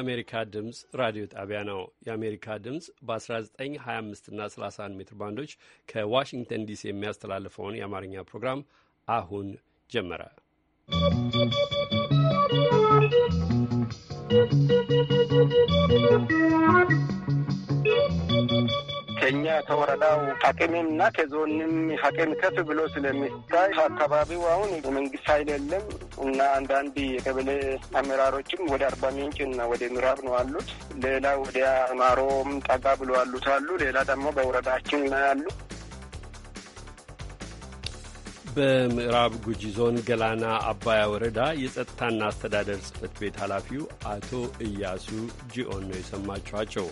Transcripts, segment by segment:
የአሜሪካ ድምፅ ራዲዮ ጣቢያ ነው። የአሜሪካ ድምፅ በ1925 እና 31 ሜትር ባንዶች ከዋሽንግተን ዲሲ የሚያስተላልፈውን የአማርኛ ፕሮግራም አሁን ጀመረ። ¶¶ ከኛ ከወረዳው ሐቅምም እና ከዞንም ሐቅም ከፍ ብሎ ስለሚታይ አካባቢው አሁን መንግስት ኃይል የለም እና አንዳንድ የቀበሌ አመራሮችም ወደ አርባ ምንጭ እና ወደ ምዕራብ ነው አሉት። ሌላ ወደ አማሮም ጠጋ ብሎ አሉት አሉ። ሌላ ደግሞ በወረዳችን ያሉ በምዕራብ ጉጂ ዞን ገላና አባያ ወረዳ የጸጥታና አስተዳደር ጽህፈት ቤት ኃላፊው አቶ እያሱ ጂኦን ነው የሰማችኋቸው።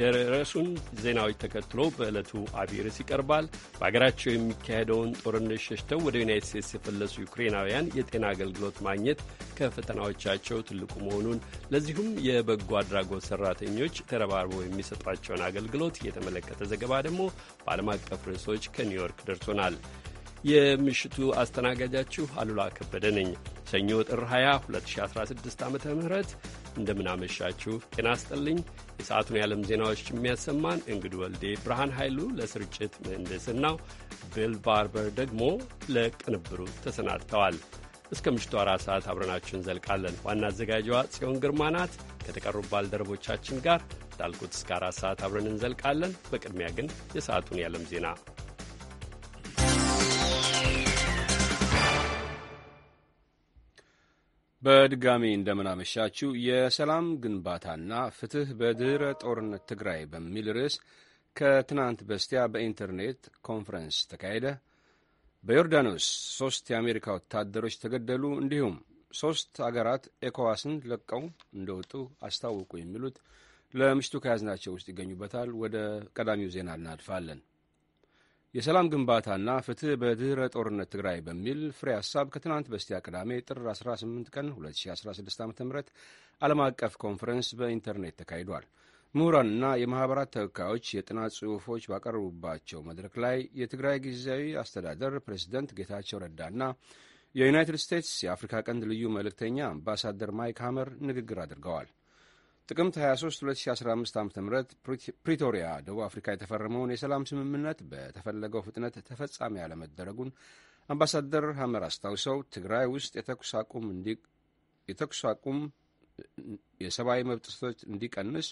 የርዕሱን ዜናዎች ተከትሎ በዕለቱ አብይ ርዕስ ይቀርባል። በሀገራቸው የሚካሄደውን ጦርነት ሸሽተው ወደ ዩናይት ስቴትስ የፈለሱ ዩክሬናውያን የጤና አገልግሎት ማግኘት ከፈተናዎቻቸው ትልቁ መሆኑን ለዚሁም የበጎ አድራጎት ሰራተኞች ተረባርበው የሚሰጧቸውን አገልግሎት የተመለከተ ዘገባ ደግሞ በዓለም አቀፍ ርዕሶች ከኒውዮርክ ደርሶናል። የምሽቱ አስተናጋጃችሁ አሉላ ከበደ ነኝ። ሰኞ ጥር 20 2016 ዓ ም እንደምናመሻችሁ ጤና ይስጥልኝ። የሰዓቱን የዓለም ዜናዎች የሚያሰማን እንግድ ወልዴ፣ ብርሃን ኃይሉ ለስርጭት ምህንድስናው፣ ቢል ባርበር ደግሞ ለቅንብሩ ተሰናድተዋል። እስከ ምሽቱ አራት ሰዓት አብረናችሁ እንዘልቃለን። ዋና አዘጋጇ ጽዮን ግርማ ናት። ከተቀሩ ባልደረቦቻችን ጋር እንዳልኩት እስከ አራት ሰዓት አብረን እንዘልቃለን። በቅድሚያ ግን የሰዓቱን የዓለም ዜና በድጋሚ እንደምናመሻችው የሰላም ግንባታና ፍትህ በድህረ ጦርነት ትግራይ በሚል ርዕስ ከትናንት በስቲያ በኢንተርኔት ኮንፈረንስ ተካሄደ። በዮርዳኖስ ሶስት የአሜሪካ ወታደሮች ተገደሉ፣ እንዲሁም ሶስት አገራት ኤኮዋስን ለቀው እንደወጡ አስታወቁ የሚሉት ለምሽቱ ከያዝናቸው ውስጥ ይገኙበታል። ወደ ቀዳሚው ዜና እናልፋለን። የሰላም ግንባታና ፍትህ በድኅረ ጦርነት ትግራይ በሚል ፍሬ ሐሳብ ከትናንት በስቲያ ቅዳሜ ጥር 18 ቀን 2016 ዓ ም ዓለም አቀፍ ኮንፈረንስ በኢንተርኔት ተካሂዷል። ምሁራንና የማኅበራት ተወካዮች የጥናት ጽሑፎች ባቀረቡባቸው መድረክ ላይ የትግራይ ጊዜያዊ አስተዳደር ፕሬዚደንት ጌታቸው ረዳና የዩናይትድ ስቴትስ የአፍሪካ ቀንድ ልዩ መልእክተኛ አምባሳደር ማይክ ሐመር ንግግር አድርገዋል። ጥቅምት 23 2015 ዓ ም ፕሪቶሪያ ደቡብ አፍሪካ የተፈረመውን የሰላም ስምምነት በተፈለገው ፍጥነት ተፈጻሚ ያለመደረጉን አምባሳደር ሐመር አስታውሰው ትግራይ ውስጥ የተኩስ አቁም የሰብአዊ መብት ጥሰቶች እንዲቀንስ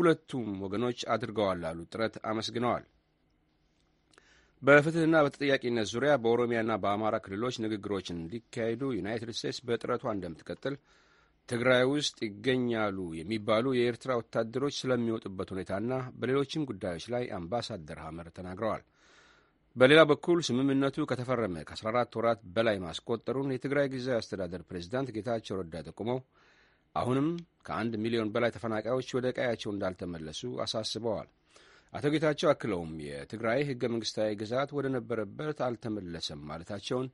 ሁለቱም ወገኖች አድርገዋል ላሉ ጥረት አመስግነዋል። በፍትህና በተጠያቂነት ዙሪያ በኦሮሚያና በአማራ ክልሎች ንግግሮችን እንዲካሄዱ ዩናይትድ ስቴትስ በጥረቷ እንደምትቀጥል ትግራይ ውስጥ ይገኛሉ የሚባሉ የኤርትራ ወታደሮች ስለሚወጡበት ሁኔታና በሌሎችም ጉዳዮች ላይ አምባሳደር ሐመር ተናግረዋል። በሌላ በኩል ስምምነቱ ከተፈረመ ከ14 ወራት በላይ ማስቆጠሩን የትግራይ ጊዜያዊ አስተዳደር ፕሬዚዳንት ጌታቸው ረዳ ጠቁመው አሁንም ከአንድ ሚሊዮን በላይ ተፈናቃዮች ወደ ቀያቸው እንዳልተመለሱ አሳስበዋል። አቶ ጌታቸው አክለውም የትግራይ ህገ መንግስታዊ ግዛት ወደ ነበረበት አልተመለሰም ማለታቸውን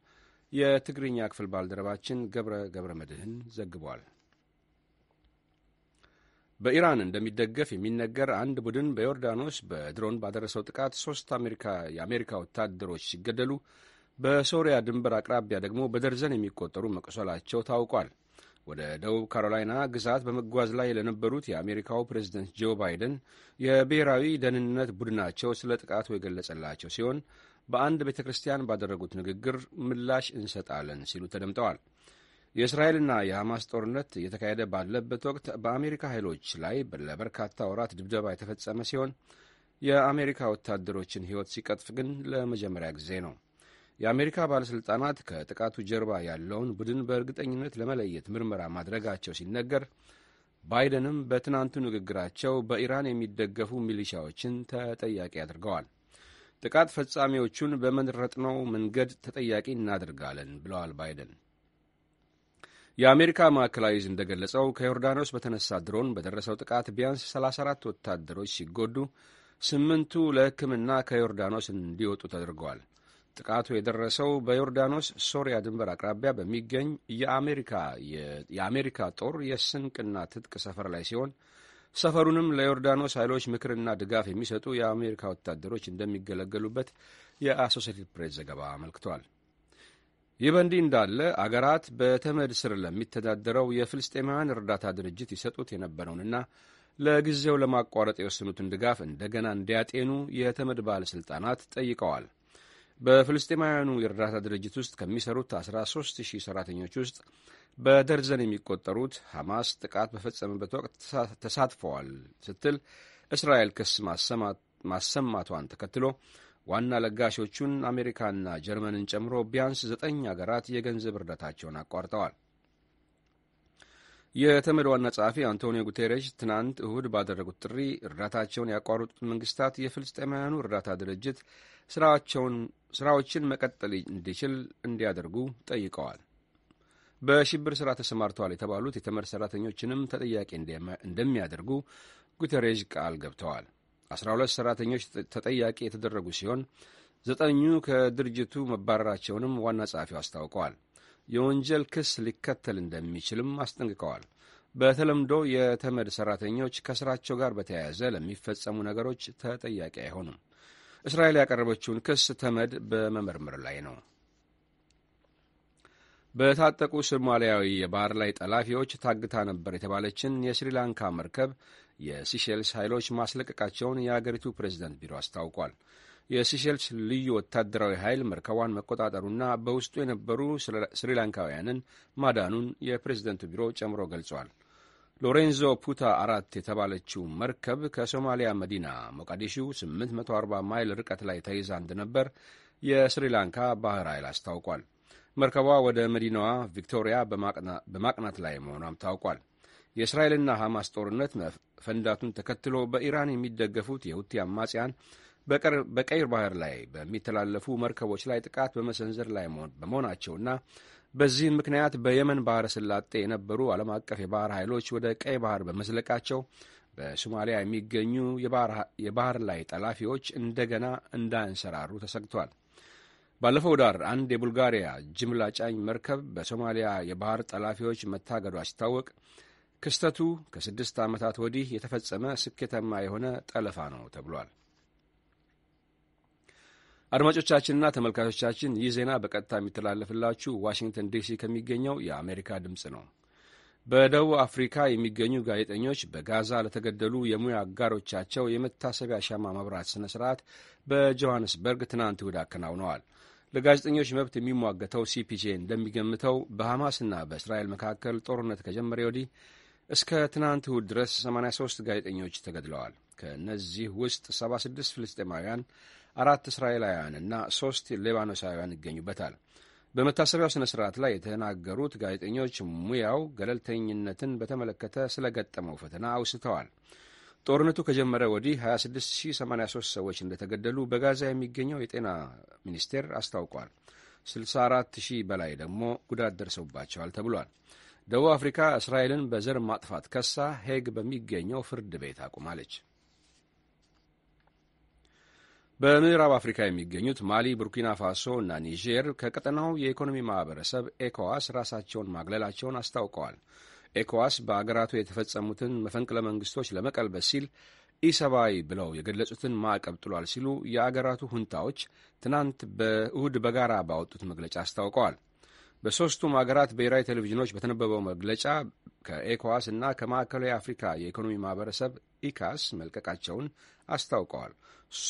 የትግርኛ ክፍል ባልደረባችን ገብረ ገብረ መድህን ዘግቧል። በኢራን እንደሚደገፍ የሚነገር አንድ ቡድን በዮርዳኖስ በድሮን ባደረሰው ጥቃት ሶስት የአሜሪካ ወታደሮች ሲገደሉ በሶሪያ ድንበር አቅራቢያ ደግሞ በደርዘን የሚቆጠሩ መቁሰላቸው ታውቋል። ወደ ደቡብ ካሮላይና ግዛት በመጓዝ ላይ ለነበሩት የአሜሪካው ፕሬዝደንት ጆ ባይደን የብሔራዊ ደህንነት ቡድናቸው ስለ ጥቃቱ የገለጸላቸው ሲሆን በአንድ ቤተ ክርስቲያን ባደረጉት ንግግር ምላሽ እንሰጣለን ሲሉ ተደምጠዋል። የእስራኤልና የሐማስ ጦርነት እየተካሄደ ባለበት ወቅት በአሜሪካ ኃይሎች ላይ ለበርካታ ወራት ድብደባ የተፈጸመ ሲሆን የአሜሪካ ወታደሮችን ሕይወት ሲቀጥፍ ግን ለመጀመሪያ ጊዜ ነው። የአሜሪካ ባለሥልጣናት ከጥቃቱ ጀርባ ያለውን ቡድን በእርግጠኝነት ለመለየት ምርመራ ማድረጋቸው ሲነገር፣ ባይደንም በትናንቱ ንግግራቸው በኢራን የሚደገፉ ሚሊሻዎችን ተጠያቂ አድርገዋል። ጥቃት ፈጻሚዎቹን በመረጥነው መንገድ ተጠያቂ እናደርጋለን ብለዋል ባይደን የአሜሪካ ማዕከላዊ ዝ እንደገለጸው ከዮርዳኖስ በተነሳ ድሮን በደረሰው ጥቃት ቢያንስ 34 ወታደሮች ሲጎዱ ስምንቱ ለሕክምና ከዮርዳኖስ እንዲወጡ ተደርገዋል። ጥቃቱ የደረሰው በዮርዳኖስ ሶሪያ ድንበር አቅራቢያ በሚገኝ የአሜሪካ ጦር የስንቅና ትጥቅ ሰፈር ላይ ሲሆን ሰፈሩንም ለዮርዳኖስ ኃይሎች ምክርና ድጋፍ የሚሰጡ የአሜሪካ ወታደሮች እንደሚገለገሉበት የአሶሴትድ ፕሬስ ዘገባ አመልክቷል። ይህ በእንዲህ እንዳለ አገራት በተመድ ስር ለሚተዳደረው የፍልስጤማውያን እርዳታ ድርጅት ይሰጡት የነበረውንና ለጊዜው ለማቋረጥ የወሰኑትን ድጋፍ እንደገና እንዲያጤኑ የተመድ ባለሥልጣናት ጠይቀዋል። በፍልስጤማውያኑ የእርዳታ ድርጅት ውስጥ ከሚሰሩት 13 ሺህ ሠራተኞች ውስጥ በደርዘን የሚቆጠሩት ሐማስ ጥቃት በፈጸመበት ወቅት ተሳትፈዋል ስትል እስራኤል ክስ ማሰማቷን ተከትሎ ዋና ለጋሾቹን አሜሪካና ጀርመንን ጨምሮ ቢያንስ ዘጠኝ አገራት የገንዘብ እርዳታቸውን አቋርጠዋል። የተመድ ዋና ጸሐፊ አንቶኒዮ ጉቴሬሽ ትናንት እሁድ ባደረጉት ጥሪ እርዳታቸውን ያቋረጡት መንግስታት የፍልስጤማውያኑ እርዳታ ድርጅት ስራዎችን መቀጠል እንዲችል እንዲያደርጉ ጠይቀዋል። በሽብር ስራ ተሰማርተዋል የተባሉት የተመድ ሰራተኞችንም ተጠያቂ እንደሚያደርጉ ጉቴሬሽ ቃል ገብተዋል። 12 ሰራተኞች ተጠያቂ የተደረጉ ሲሆን ዘጠኙ ከድርጅቱ መባረራቸውንም ዋና ጸሐፊው አስታውቀዋል። የወንጀል ክስ ሊከተል እንደሚችልም አስጠንቅቀዋል። በተለምዶ የተመድ ሰራተኞች ከስራቸው ጋር በተያያዘ ለሚፈጸሙ ነገሮች ተጠያቂ አይሆኑም። እስራኤል ያቀረበችውን ክስ ተመድ በመመርመር ላይ ነው። በታጠቁ ሶማሊያዊ የባህር ላይ ጠላፊዎች ታግታ ነበር የተባለችን የስሪላንካ መርከብ የሲሼልስ ኃይሎች ማስለቀቃቸውን የአገሪቱ ፕሬዝደንት ቢሮ አስታውቋል። የሲሼልስ ልዩ ወታደራዊ ኃይል መርከቧን መቆጣጠሩና በውስጡ የነበሩ ስሪላንካውያንን ማዳኑን የፕሬዝደንቱ ቢሮ ጨምሮ ገልጿል። ሎሬንዞ ፑታ አራት የተባለችው መርከብ ከሶማሊያ መዲና ሞቃዲሹ 840 ማይል ርቀት ላይ ተይዛ እንደነበር የስሪላንካ ባህር ኃይል አስታውቋል። መርከቧ ወደ መዲናዋ ቪክቶሪያ በማቅናት ላይ መሆኗም ታውቋል። የእስራኤልና ሐማስ ጦርነት መፈንዳቱን ተከትሎ በኢራን የሚደገፉት የሁቲ አማጽያን በቀይ ባህር ላይ በሚተላለፉ መርከቦች ላይ ጥቃት በመሰንዘር ላይ በመሆናቸውና በዚህም ምክንያት በየመን ባህረ ስላጤ የነበሩ ዓለም አቀፍ የባህር ኃይሎች ወደ ቀይ ባህር በመዝለቃቸው በሶማሊያ የሚገኙ የባህር ላይ ጠላፊዎች እንደገና እንዳያንሰራሩ ተሰግቷል። ባለፈው ዳር አንድ የቡልጋሪያ ጅምላ ጫኝ መርከብ በሶማሊያ የባህር ጠላፊዎች መታገዷ ሲታወቅ ክስተቱ ከስድስት ዓመታት ወዲህ የተፈጸመ ስኬታማ የሆነ ጠለፋ ነው ተብሏል። አድማጮቻችንና ተመልካቾቻችን ይህ ዜና በቀጥታ የሚተላለፍላችሁ ዋሽንግተን ዲሲ ከሚገኘው የአሜሪካ ድምፅ ነው። በደቡብ አፍሪካ የሚገኙ ጋዜጠኞች በጋዛ ለተገደሉ የሙያ አጋሮቻቸው የመታሰቢያ ሻማ መብራት ስነ ስርዓት በጆሐንስበርግ ትናንት እሁድ አከናውነዋል። ለጋዜጠኞች መብት የሚሟገተው ሲፒጄ እንደሚገምተው በሐማስና በእስራኤል መካከል ጦርነት ከጀመረ ወዲህ እስከ ትናንት እሁድ ድረስ 83 ጋዜጠኞች ተገድለዋል። ከእነዚህ ውስጥ 76 ፍልስጤማውያን፣ አራት እስራኤላውያን እና ሦስት ሌባኖሳውያን ይገኙበታል። በመታሰቢያው ሥነ ሥርዓት ላይ የተናገሩት ጋዜጠኞች ሙያው ገለልተኝነትን በተመለከተ ስለ ገጠመው ፈተና አውስተዋል። ጦርነቱ ከጀመረ ወዲህ 26083 ሰዎች እንደተገደሉ በጋዛ የሚገኘው የጤና ሚኒስቴር አስታውቋል። ሺህ በላይ ደግሞ ጉዳት ደርሰውባቸዋል ተብሏል። ደቡብ አፍሪካ እስራኤልን በዘር ማጥፋት ከሳ ሄግ በሚገኘው ፍርድ ቤት አቁማለች። በምዕራብ አፍሪካ የሚገኙት ማሊ፣ ቡርኪና ፋሶ እና ኒጀር ከቀጠናው የኢኮኖሚ ማህበረሰብ ኤኮዋስ ራሳቸውን ማግለላቸውን አስታውቀዋል። ኤኮዋስ በአገራቱ የተፈጸሙትን መፈንቅለ መንግስቶች ለመቀልበስ ሲል ኢሰብአዊ ብለው የገለጹትን ማዕቀብ ጥሏል ሲሉ የአገራቱ ሁንታዎች ትናንት በእሁድ በጋራ ባወጡት መግለጫ አስታውቀዋል። በሦስቱም አገራት ብሔራዊ ቴሌቪዥኖች በተነበበው መግለጫ ከኤኮዋስ እና ከማዕከላዊ አፍሪካ የኢኮኖሚ ማህበረሰብ ኢካስ መልቀቃቸውን አስታውቀዋል።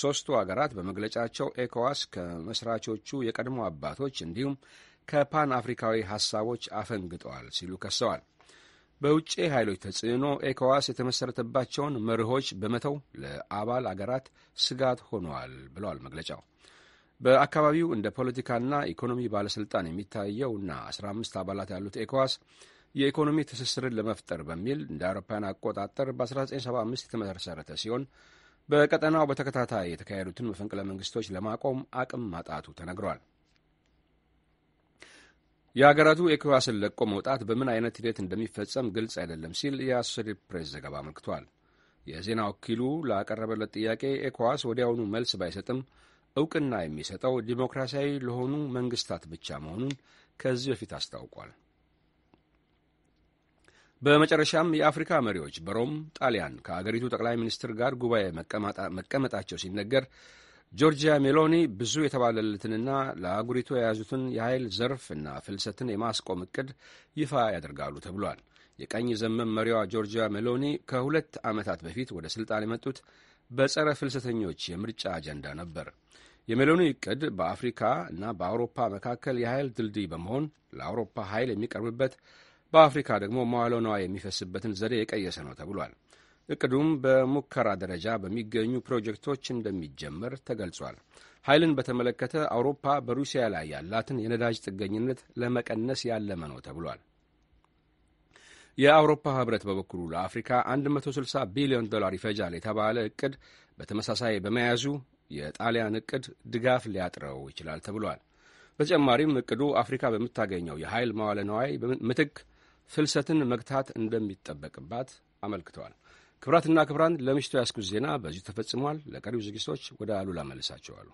ሦስቱ አገራት በመግለጫቸው ኤኮዋስ ከመስራቾቹ የቀድሞ አባቶች እንዲሁም ከፓን አፍሪካዊ ሐሳቦች አፈንግጠዋል ሲሉ ከሰዋል። በውጭ ኃይሎች ተጽዕኖ ኤኮዋስ የተመሠረተባቸውን መርሆች በመተው ለአባል አገራት ስጋት ሆነዋል ብለዋል መግለጫው። በአካባቢው እንደ ፖለቲካና ኢኮኖሚ ባለሥልጣን የሚታየውና 15 አባላት ያሉት ኤኮዋስ የኢኮኖሚ ትስስርን ለመፍጠር በሚል እንደ አውሮፓውያን አቆጣጠር በ1975 የተመሰረተ ሲሆን በቀጠናው በተከታታይ የተካሄዱትን መፈንቅለ መንግስቶች ለማቆም አቅም ማጣቱ ተነግሯል። የሀገራቱ ኤኮዋስን ለቆ መውጣት በምን አይነት ሂደት እንደሚፈጸም ግልጽ አይደለም ሲል የአሶሴትድ ፕሬስ ዘገባ አመልክቷል። የዜና ወኪሉ ላቀረበለት ጥያቄ ኤኮዋስ ወዲያውኑ መልስ ባይሰጥም እውቅና የሚሰጠው ዲሞክራሲያዊ ለሆኑ መንግስታት ብቻ መሆኑን ከዚህ በፊት አስታውቋል። በመጨረሻም የአፍሪካ መሪዎች በሮም ጣሊያን ከአገሪቱ ጠቅላይ ሚኒስትር ጋር ጉባኤ መቀመጣቸው ሲነገር ጆርጂያ ሜሎኒ ብዙ የተባለለትንና ለአጉሪቱ የያዙትን የኃይል ዘርፍ እና ፍልሰትን የማስቆም እቅድ ይፋ ያደርጋሉ ተብሏል። የቀኝ ዘመም መሪዋ ጆርጂያ ሜሎኒ ከሁለት ዓመታት በፊት ወደ ሥልጣን የመጡት በጸረ ፍልሰተኞች የምርጫ አጀንዳ ነበር። የሜሎኒ እቅድ በአፍሪካ እና በአውሮፓ መካከል የኃይል ድልድይ በመሆን ለአውሮፓ ኃይል የሚቀርብበት በአፍሪካ ደግሞ መዋለ የሚፈስበትን ዘዴ የቀየሰ ነው ተብሏል። እቅዱም በሙከራ ደረጃ በሚገኙ ፕሮጀክቶች እንደሚጀመር ተገልጿል። ኃይልን በተመለከተ አውሮፓ በሩሲያ ላይ ያላትን የነዳጅ ጥገኝነት ለመቀነስ ያለመ ነው ተብሏል። የአውሮፓ ህብረት በበኩሉ ለአፍሪካ 160 ቢሊዮን ዶላር ይፈጃል የተባለ እቅድ በተመሳሳይ በመያዙ የጣሊያን እቅድ ድጋፍ ሊያጥረው ይችላል ተብሏል። በተጨማሪም እቅዱ አፍሪካ በምታገኘው የኃይል መዋለ ነዋይ ምትክ ፍልሰትን መግታት እንደሚጠበቅባት አመልክተዋል። ክብራትና ክብራን ለምሽቱ ያስኩት ዜና በዚሁ ተፈጽሟል። ለቀሪው ዝግጅቶች ወደ አሉላ መልሳቸዋሉ።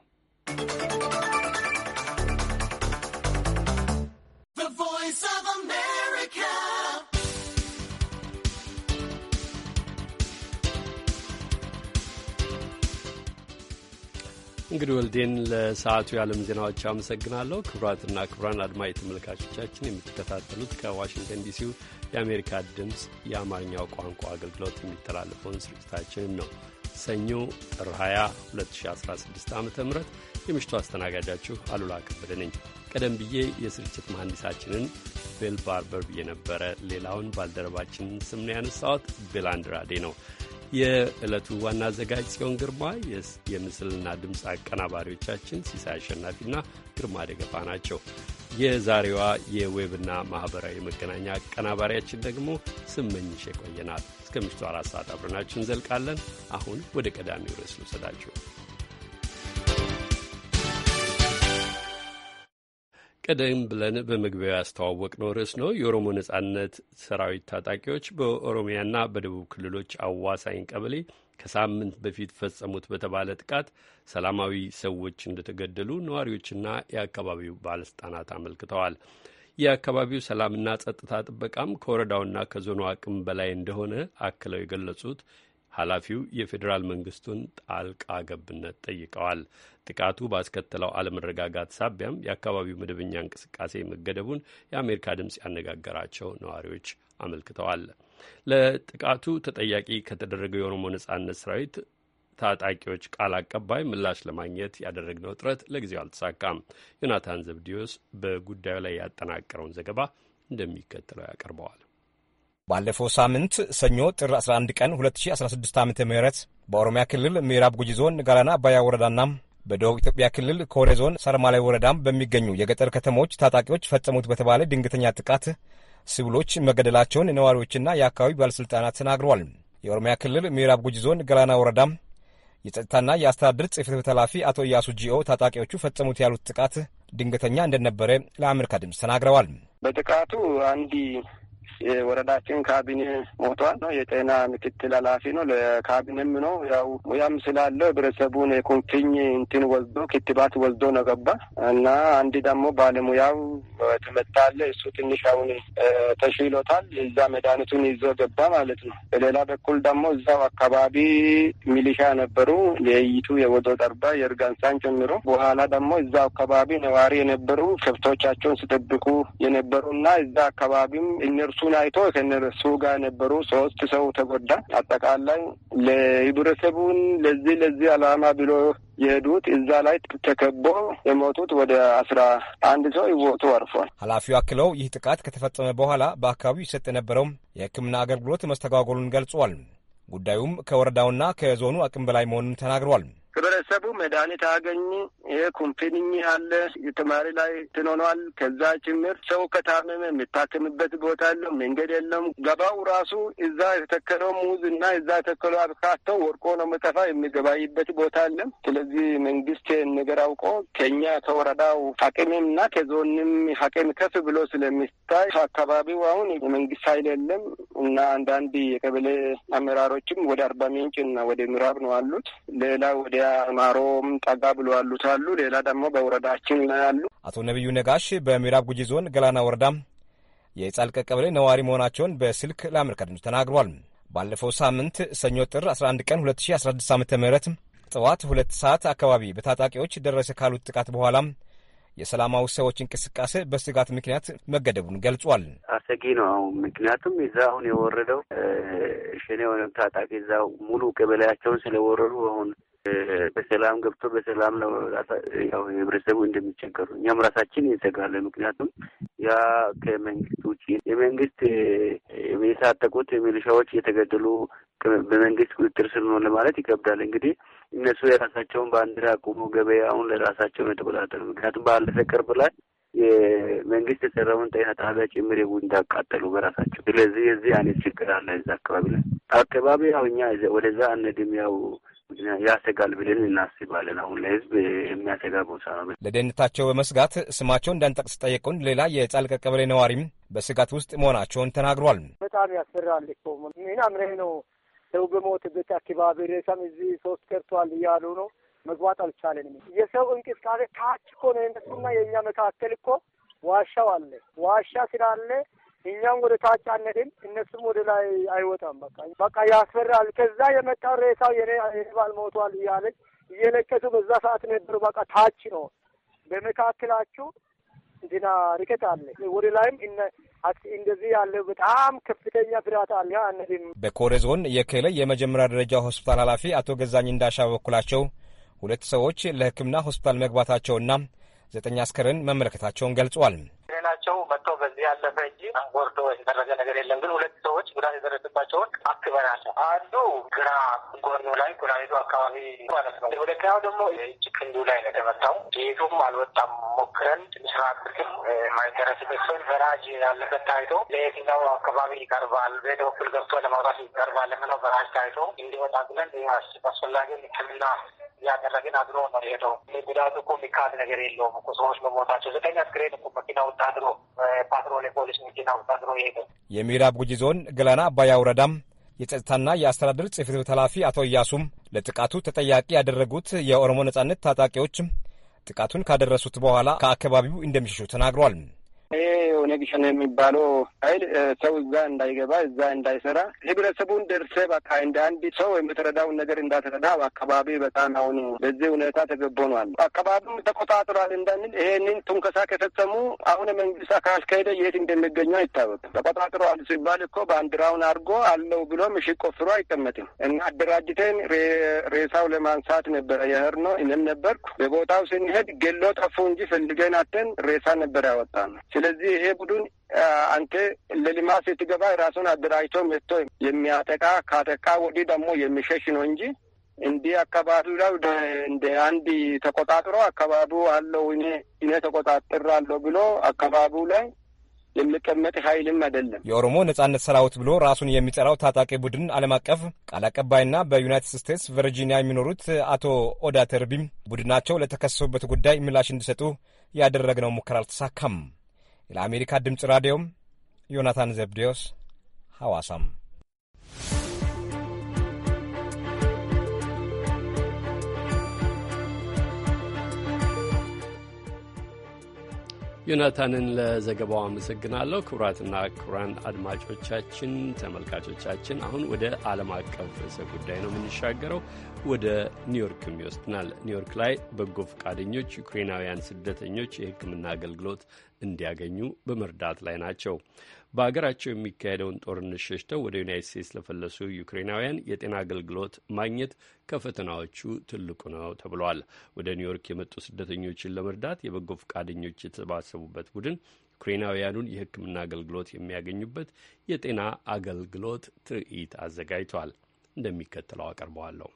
እንግዲህ ወልዴን ለሰዓቱ የዓለም ዜናዎች አመሰግናለሁ። ክቡራትና ክቡራን አድማጭ ተመልካቾቻችን የምትከታተሉት ከዋሽንግተን ዲሲው የአሜሪካ ድምፅ የአማርኛው ቋንቋ አገልግሎት የሚተላለፈውን ስርጭታችንን ነው። ሰኞ ጥር 20 2016 ዓ ም የምሽቱ አስተናጋጃችሁ አሉላ ከበደ ነኝ። ቀደም ብዬ የስርጭት መሐንዲሳችንን ቤል ባርበር ብዬ ነበረ። ሌላውን ባልደረባችንን ስም ነው ያነሳሁት። ቤል አንድራዴ ነው። የዕለቱ ዋና አዘጋጅ ጽዮን ግርማ፣ የምስልና ድምፅ አቀናባሪዎቻችን ሲሳይ አሸናፊና ግርማ ደገፋ ናቸው። የዛሬዋ የዌብና ማኅበራዊ መገናኛ አቀናባሪያችን ደግሞ ስመኝሽ የቆየናል። እስከ ምሽቱ አራት ሰዓት አብረናችሁ እንዘልቃለን። አሁን ወደ ቀዳሚው ርዕስ ልውሰዳችሁ። ቀደም ብለን በመግቢያው ነው ርዕስ ነው። የኦሮሞ ነጻነት ሰራዊት ታጣቂዎች በኦሮሚያና በደቡብ ክልሎች አዋሳኝ ቀበሌ ከሳምንት በፊት ፈጸሙት በተባለ ጥቃት ሰላማዊ ሰዎች እንደተገደሉ ነዋሪዎችና የአካባቢው ባለስልጣናት አመልክተዋል። የአካባቢው ሰላምና ጸጥታ ጥበቃም ከወረዳውና ከዞኑ አቅም በላይ እንደሆነ አክለው የገለጹት ኃላፊው የፌዴራል መንግስቱን ጣልቃ ገብነት ጠይቀዋል። ጥቃቱ ባስከተለው አለመረጋጋት ሳቢያም የአካባቢው መደበኛ እንቅስቃሴ መገደቡን የአሜሪካ ድምፅ ያነጋገራቸው ነዋሪዎች አመልክተዋል። ለጥቃቱ ተጠያቂ ከተደረገው የኦሮሞ ነጻነት ሰራዊት ታጣቂዎች ቃል አቀባይ ምላሽ ለማግኘት ያደረግነው ጥረት ለጊዜው አልተሳካም። ዮናታን ዘብዲዮስ በጉዳዩ ላይ ያጠናቀረውን ዘገባ እንደሚከተለው ያቀርበዋል። ባለፈው ሳምንት ሰኞ ጥር 11 ቀን 2016 ዓ ም በኦሮሚያ ክልል ምዕራብ ጉጂ ዞን ጋላና አባያ ወረዳና በደቡብ ኢትዮጵያ ክልል ኮሬ ዞን ሰርማላይ ወረዳም በሚገኙ የገጠር ከተሞች ታጣቂዎች ፈጸሙት በተባለ ድንገተኛ ጥቃት ሲቪሎች መገደላቸውን ነዋሪዎችና የአካባቢ ባለሥልጣናት ተናግረዋል። የኦሮሚያ ክልል ምዕራብ ጉጂ ዞን ገላና ወረዳ የጸጥታና የአስተዳደር ጽሕፈት ቤት ኃላፊ አቶ እያሱ ጂኦ ታጣቂዎቹ ፈጸሙት ያሉት ጥቃት ድንገተኛ እንደነበረ ለአሜሪካ ድምፅ ተናግረዋል። በጥቃቱ አንድ የወረዳችን ካቢኔ ሞቷል ነው የጤና ምክትል ኃላፊ ነው ለካቢኔም ነው ያው ሙያም ስላለው ህብረተሰቡን የኩንፍኝ እንትን ወስዶ ክትባት ወስዶ ነው ገባ እና አንድ ደግሞ ባለሙያው ትመታለ እሱ ትንሽ አሁን ተሽሎታል። እዛ መድኃኒቱን ይዞ ገባ ማለት ነው። በሌላ በኩል ደግሞ እዛው አካባቢ ሚሊሻ ነበሩ የይቱ የወዶ ጠርባ የእርጋንሳን ጨምሮ በኋላ ደግሞ እዛ አካባቢ ነዋሪ የነበሩ ከብቶቻቸውን የነበሩ የነበሩና እዛ አካባቢም እነርሱ እሱን አይቶ ከነሱ ጋር ነበሩ። ሶስት ሰው ተጎዳ። አጠቃላይ ለህብረተሰቡን ለዚህ ለዚህ አላማ ብሎ የሄዱት እዛ ላይ ተከቦ የሞቱት ወደ አስራ አንድ ሰው ይወጡ አርፏል። ኃላፊው አክለው ይህ ጥቃት ከተፈጸመ በኋላ በአካባቢው ይሰጥ የነበረው የሕክምና አገልግሎት መስተጓጎሉን ገልጿል። ጉዳዩም ከወረዳውና ከዞኑ አቅም በላይ መሆኑን ተናግሯል። ህብረተሰቡ መድኃኒት አገኝ ይሄ ኩንፊንኝ አለ የተማሪ ላይ ትኖኗል። ከዛ ጭምር ሰው ከታመመ የሚታክምበት ቦታ የለም፣ መንገድ የለም። ገባው ራሱ እዛ የተተከለው ሙዝ እና እዛ የተከለው አብካተው ወርቆ ነው መጠፋ የሚገባይበት ቦታ አለም። ስለዚህ መንግስት ነገር አውቆ ከኛ ከወረዳው ሀቅምም እና ከዞንም ሀቅም ከፍ ብሎ ስለሚታይ አካባቢው አሁን የመንግስት ኃይል የለም እና አንዳንድ የቀበሌ አመራሮችም ወደ አርባ ምንጭ እና ወደ ምዕራብ ነው አሉት ሌላ ወደ ማሮም ጠጋ ብሎ ያሉት አሉ። ሌላ ደግሞ በወረዳችን ያሉ አቶ ነቢዩ ነጋሽ በምዕራብ ጉጂ ዞን ገላና ወረዳ የጻልቀ ቀበሌ ነዋሪ መሆናቸውን በስልክ ለአሜሪካ ድምፅ ተናግሯል። ባለፈው ሳምንት ሰኞ ጥር 11 ቀን 2016 ዓ ም ጠዋት ሁለት ሰዓት አካባቢ በታጣቂዎች ደረሰ ካሉት ጥቃት በኋላ የሰላማዊ ሰዎች እንቅስቃሴ በስጋት ምክንያት መገደቡን ገልጿል። አሰጊ ነው አሁን ምክንያቱም እዛ አሁን የወረደው ሸኔ ወይም ታጣቂ እዛ ሙሉ ቀበሌያቸውን ስለወረዱ አሁን በሰላም ገብቶ በሰላም ነው ያው ህብረተሰቡ እንደሚቸገሩ እኛም ራሳችን ይዘጋለን። ምክንያቱም ያ ከመንግስት ውጭ የመንግስት የታጠቁት ሚሊሻዎች እየተገደሉ በመንግስት ቁጥጥር ስር ነው ለማለት ይከብዳል። እንግዲህ እነሱ የራሳቸውን ባንዲራ አቁሞ ገበያውን ለራሳቸው ነው የተቆጣጠሩ። ምክንያቱም ባለፈ ቅርብ ላይ የመንግስት የሰራውን ጤና ጣቢያ ጭምር እንዳቃጠሉ በራሳቸው። ስለዚህ የዚህ አይነት ችግር አለ እዛ አካባቢ ላይ አካባቢ ያው እኛ ወደዛ አንድም ያው ያሰጋል ብለን እናስባለን። አሁን ለህዝብ የሚያሰጋ ቦታ ነው። ለደህንነታቸው በመስጋት ስማቸው እንዳንጠቅስ ጠየቁን። ሌላ የጻልቀ ቀበሌ ነዋሪም በስጋት ውስጥ መሆናቸውን ተናግሯል። በጣም ያስፈራል እኮ ምን አምረህ ነው ሰው በሞትበት አካባቢ ሬሳም እዚህ ሶስት ቀርቷል እያሉ ነው። መግባት አልቻለንም። የሰው እንቅስቃሴ ታች እኮ ነው የነሱና የእኛ መካከል እኮ ዋሻው አለ ዋሻ ስላለ እኛም ወደ ታች አንሄድም፣ እነሱም ወደ ላይ አይወጣም። በቃ በቃ ያስፈራል። ከዛ የመጣው ሬሳው የባል ሞቷል እያለች እየለቀሱ በዛ ሰዓት ነበሩ። በቃ ታች ነው በመካከላችሁ እንትና ርቀት አለ ወደ ላይም እንደዚህ ያለ በጣም ከፍተኛ ፍርሃት አለ። አንድም በኮሬ ዞን የክልል የመጀመሪያ ደረጃ ሆስፒታል ኃላፊ አቶ ገዛኝ እንዳሻ በበኩላቸው ሁለት ሰዎች ለሕክምና ሆስፒታል መግባታቸውና ዘጠኝ አስከሬን መመለከታቸውን ገልጿል። በራሳቸው መጥተው በዚህ ያለፈ እንጂ ወርዶ የተደረገ ነገር የለም። ግን ሁለት ሰዎች ጉዳት የደረሰባቸውን አክበናል። አንዱ ግራ ጎኑ ላይ ጎናዊቱ አካባቢ ማለት ነው። ሁለተኛው ደግሞ እጅ ክንዱ ላይ ነው የተመታው። ቤቱም አልወጣም ሞክረን ስራ ግን ማይደረስበት ሰው በራጅ ያለበት ታይቶ ለየትኛው አካባቢ ይቀርባል፣ ቤት በኩል ገብቶ ለማውጣት ይቀርባል። ለምነው በራጅ ታይቶ እንዲወጣ ብለን አስፈላጊውን ሕክምና ግን አድሮ ነው የሄደው። ጉዳቱ እኮ የሚካድ ነገር የለውም እኮ ሰዎች በሞታቸው ዘጠኝ አስክሬን እኮ መኪና ውጣ አድሮ ፓትሮል የፖሊስ መኪና ውጣ አድሮ የሄደው። የምዕራብ ጉጂ ዞን ገላና አባያ ወረዳም የጸጥታና የአስተዳደር ጽሕፈት ቤት ኃላፊ አቶ እያሱም ለጥቃቱ ተጠያቂ ያደረጉት የኦሮሞ ነጻነት ታጣቂዎች ጥቃቱን ካደረሱት በኋላ ከአካባቢው እንደሚሸሹ ተናግሯል። ይሄ ኦነግ ሸኔ የሚባለው ኃይል ሰው እዛ እንዳይገባ እዛ እንዳይሰራ ህብረተሰቡን ደርሰ በቃ እንደ አንድ ሰው የምትረዳውን ነገር እንዳትረዳ አካባቢ በጣም አሁን በዚህ ሁኔታ ተገቦኗል። አካባቢም ተቆጣጥሯል እንዳንል ይሄንን ትንኮሳ ከፈጸሙ አሁን መንግስት አካል ከሄደ የት እንደሚገኙ አይታወቅም። ተቆጣጥሯል ሲባል እኮ ባንዲራውን አድርጎ አለው ብሎ ምሽግ ቆፍሮ አይቀመጥም እና አደራጅተን ሬሳው ለማንሳት ነበረ የህር ነው እኔም ነበርኩ። በቦታው ስንሄድ ገሎ ጠፉ እንጂ ፈልገን አተን ሬሳ ነበር ያወጣ ነው። ስለዚህ ይሄ ቡድን አንተ ለልማት ስትገባ ራሱን አደራጅቶ መጥቶ የሚያጠቃ ካጠቃ ወዲህ ደግሞ የሚሸሽ ነው እንጂ እንዲህ አካባቢው ላይ እንደ አንድ ተቆጣጥሮ አካባቢው አለው እኔ እኔ ተቆጣጥራለሁ ብሎ አካባቢው ላይ የሚቀመጥ ኃይልም አይደለም። የኦሮሞ ነጻነት ሰራዊት ብሎ ራሱን የሚጠራው ታጣቂ ቡድን ዓለም አቀፍ ቃል አቀባይና በዩናይትድ ስቴትስ ቨርጂኒያ የሚኖሩት አቶ ኦዳ ተርቢም ቡድናቸው ለተከሰሱበት ጉዳይ ምላሽ እንዲሰጡ ያደረግነው ሙከራ አልተሳካም። ለአሜሪካ ድምፅ ራዲዮም ዮናታን ዘብዴዎስ ሐዋሳም ዮናታንን ለዘገባው አመሰግናለሁ። ክቡራትና ክቡራን አድማጮቻችን፣ ተመልካቾቻችን አሁን ወደ ዓለም አቀፍ ርዕሰ ጉዳይ ነው የምንሻገረው። ወደ ኒውዮርክም ይወስድናል። ኒውዮርክ ላይ በጎ ፈቃደኞች ዩክሬናውያን ስደተኞች የሕክምና አገልግሎት እንዲያገኙ በመርዳት ላይ ናቸው። በሀገራቸው የሚካሄደውን ጦርነት ሸሽተው ወደ ዩናይት ስቴትስ ለፈለሱ ዩክሬናውያን የጤና አገልግሎት ማግኘት ከፈተናዎቹ ትልቁ ነው ተብሏል። ወደ ኒውዮርክ የመጡ ስደተኞችን ለመርዳት የበጎ ፈቃደኞች የተሰባሰቡበት ቡድን ዩክሬናውያኑን የሕክምና አገልግሎት የሚያገኙበት የጤና አገልግሎት ትርኢት አዘጋጅቷል። እንደሚከተለው አቀርበዋለሁ።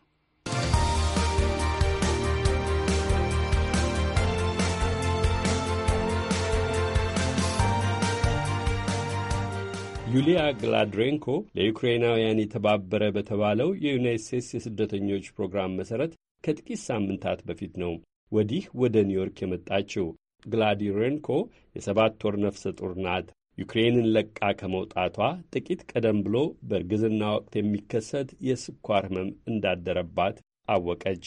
ዩሊያ ግላድሬንኮ ለዩክሬናውያን የተባበረ በተባለው የዩናይት ስቴትስ የስደተኞች ፕሮግራም መሠረት ከጥቂት ሳምንታት በፊት ነው ወዲህ ወደ ኒውዮርክ የመጣችው። ግላዲሬንኮ የሰባት ወር ነፍሰ ጡር ናት። ዩክሬንን ለቃ ከመውጣቷ ጥቂት ቀደም ብሎ በእርግዝና ወቅት የሚከሰት የስኳር ህመም እንዳደረባት አወቀች።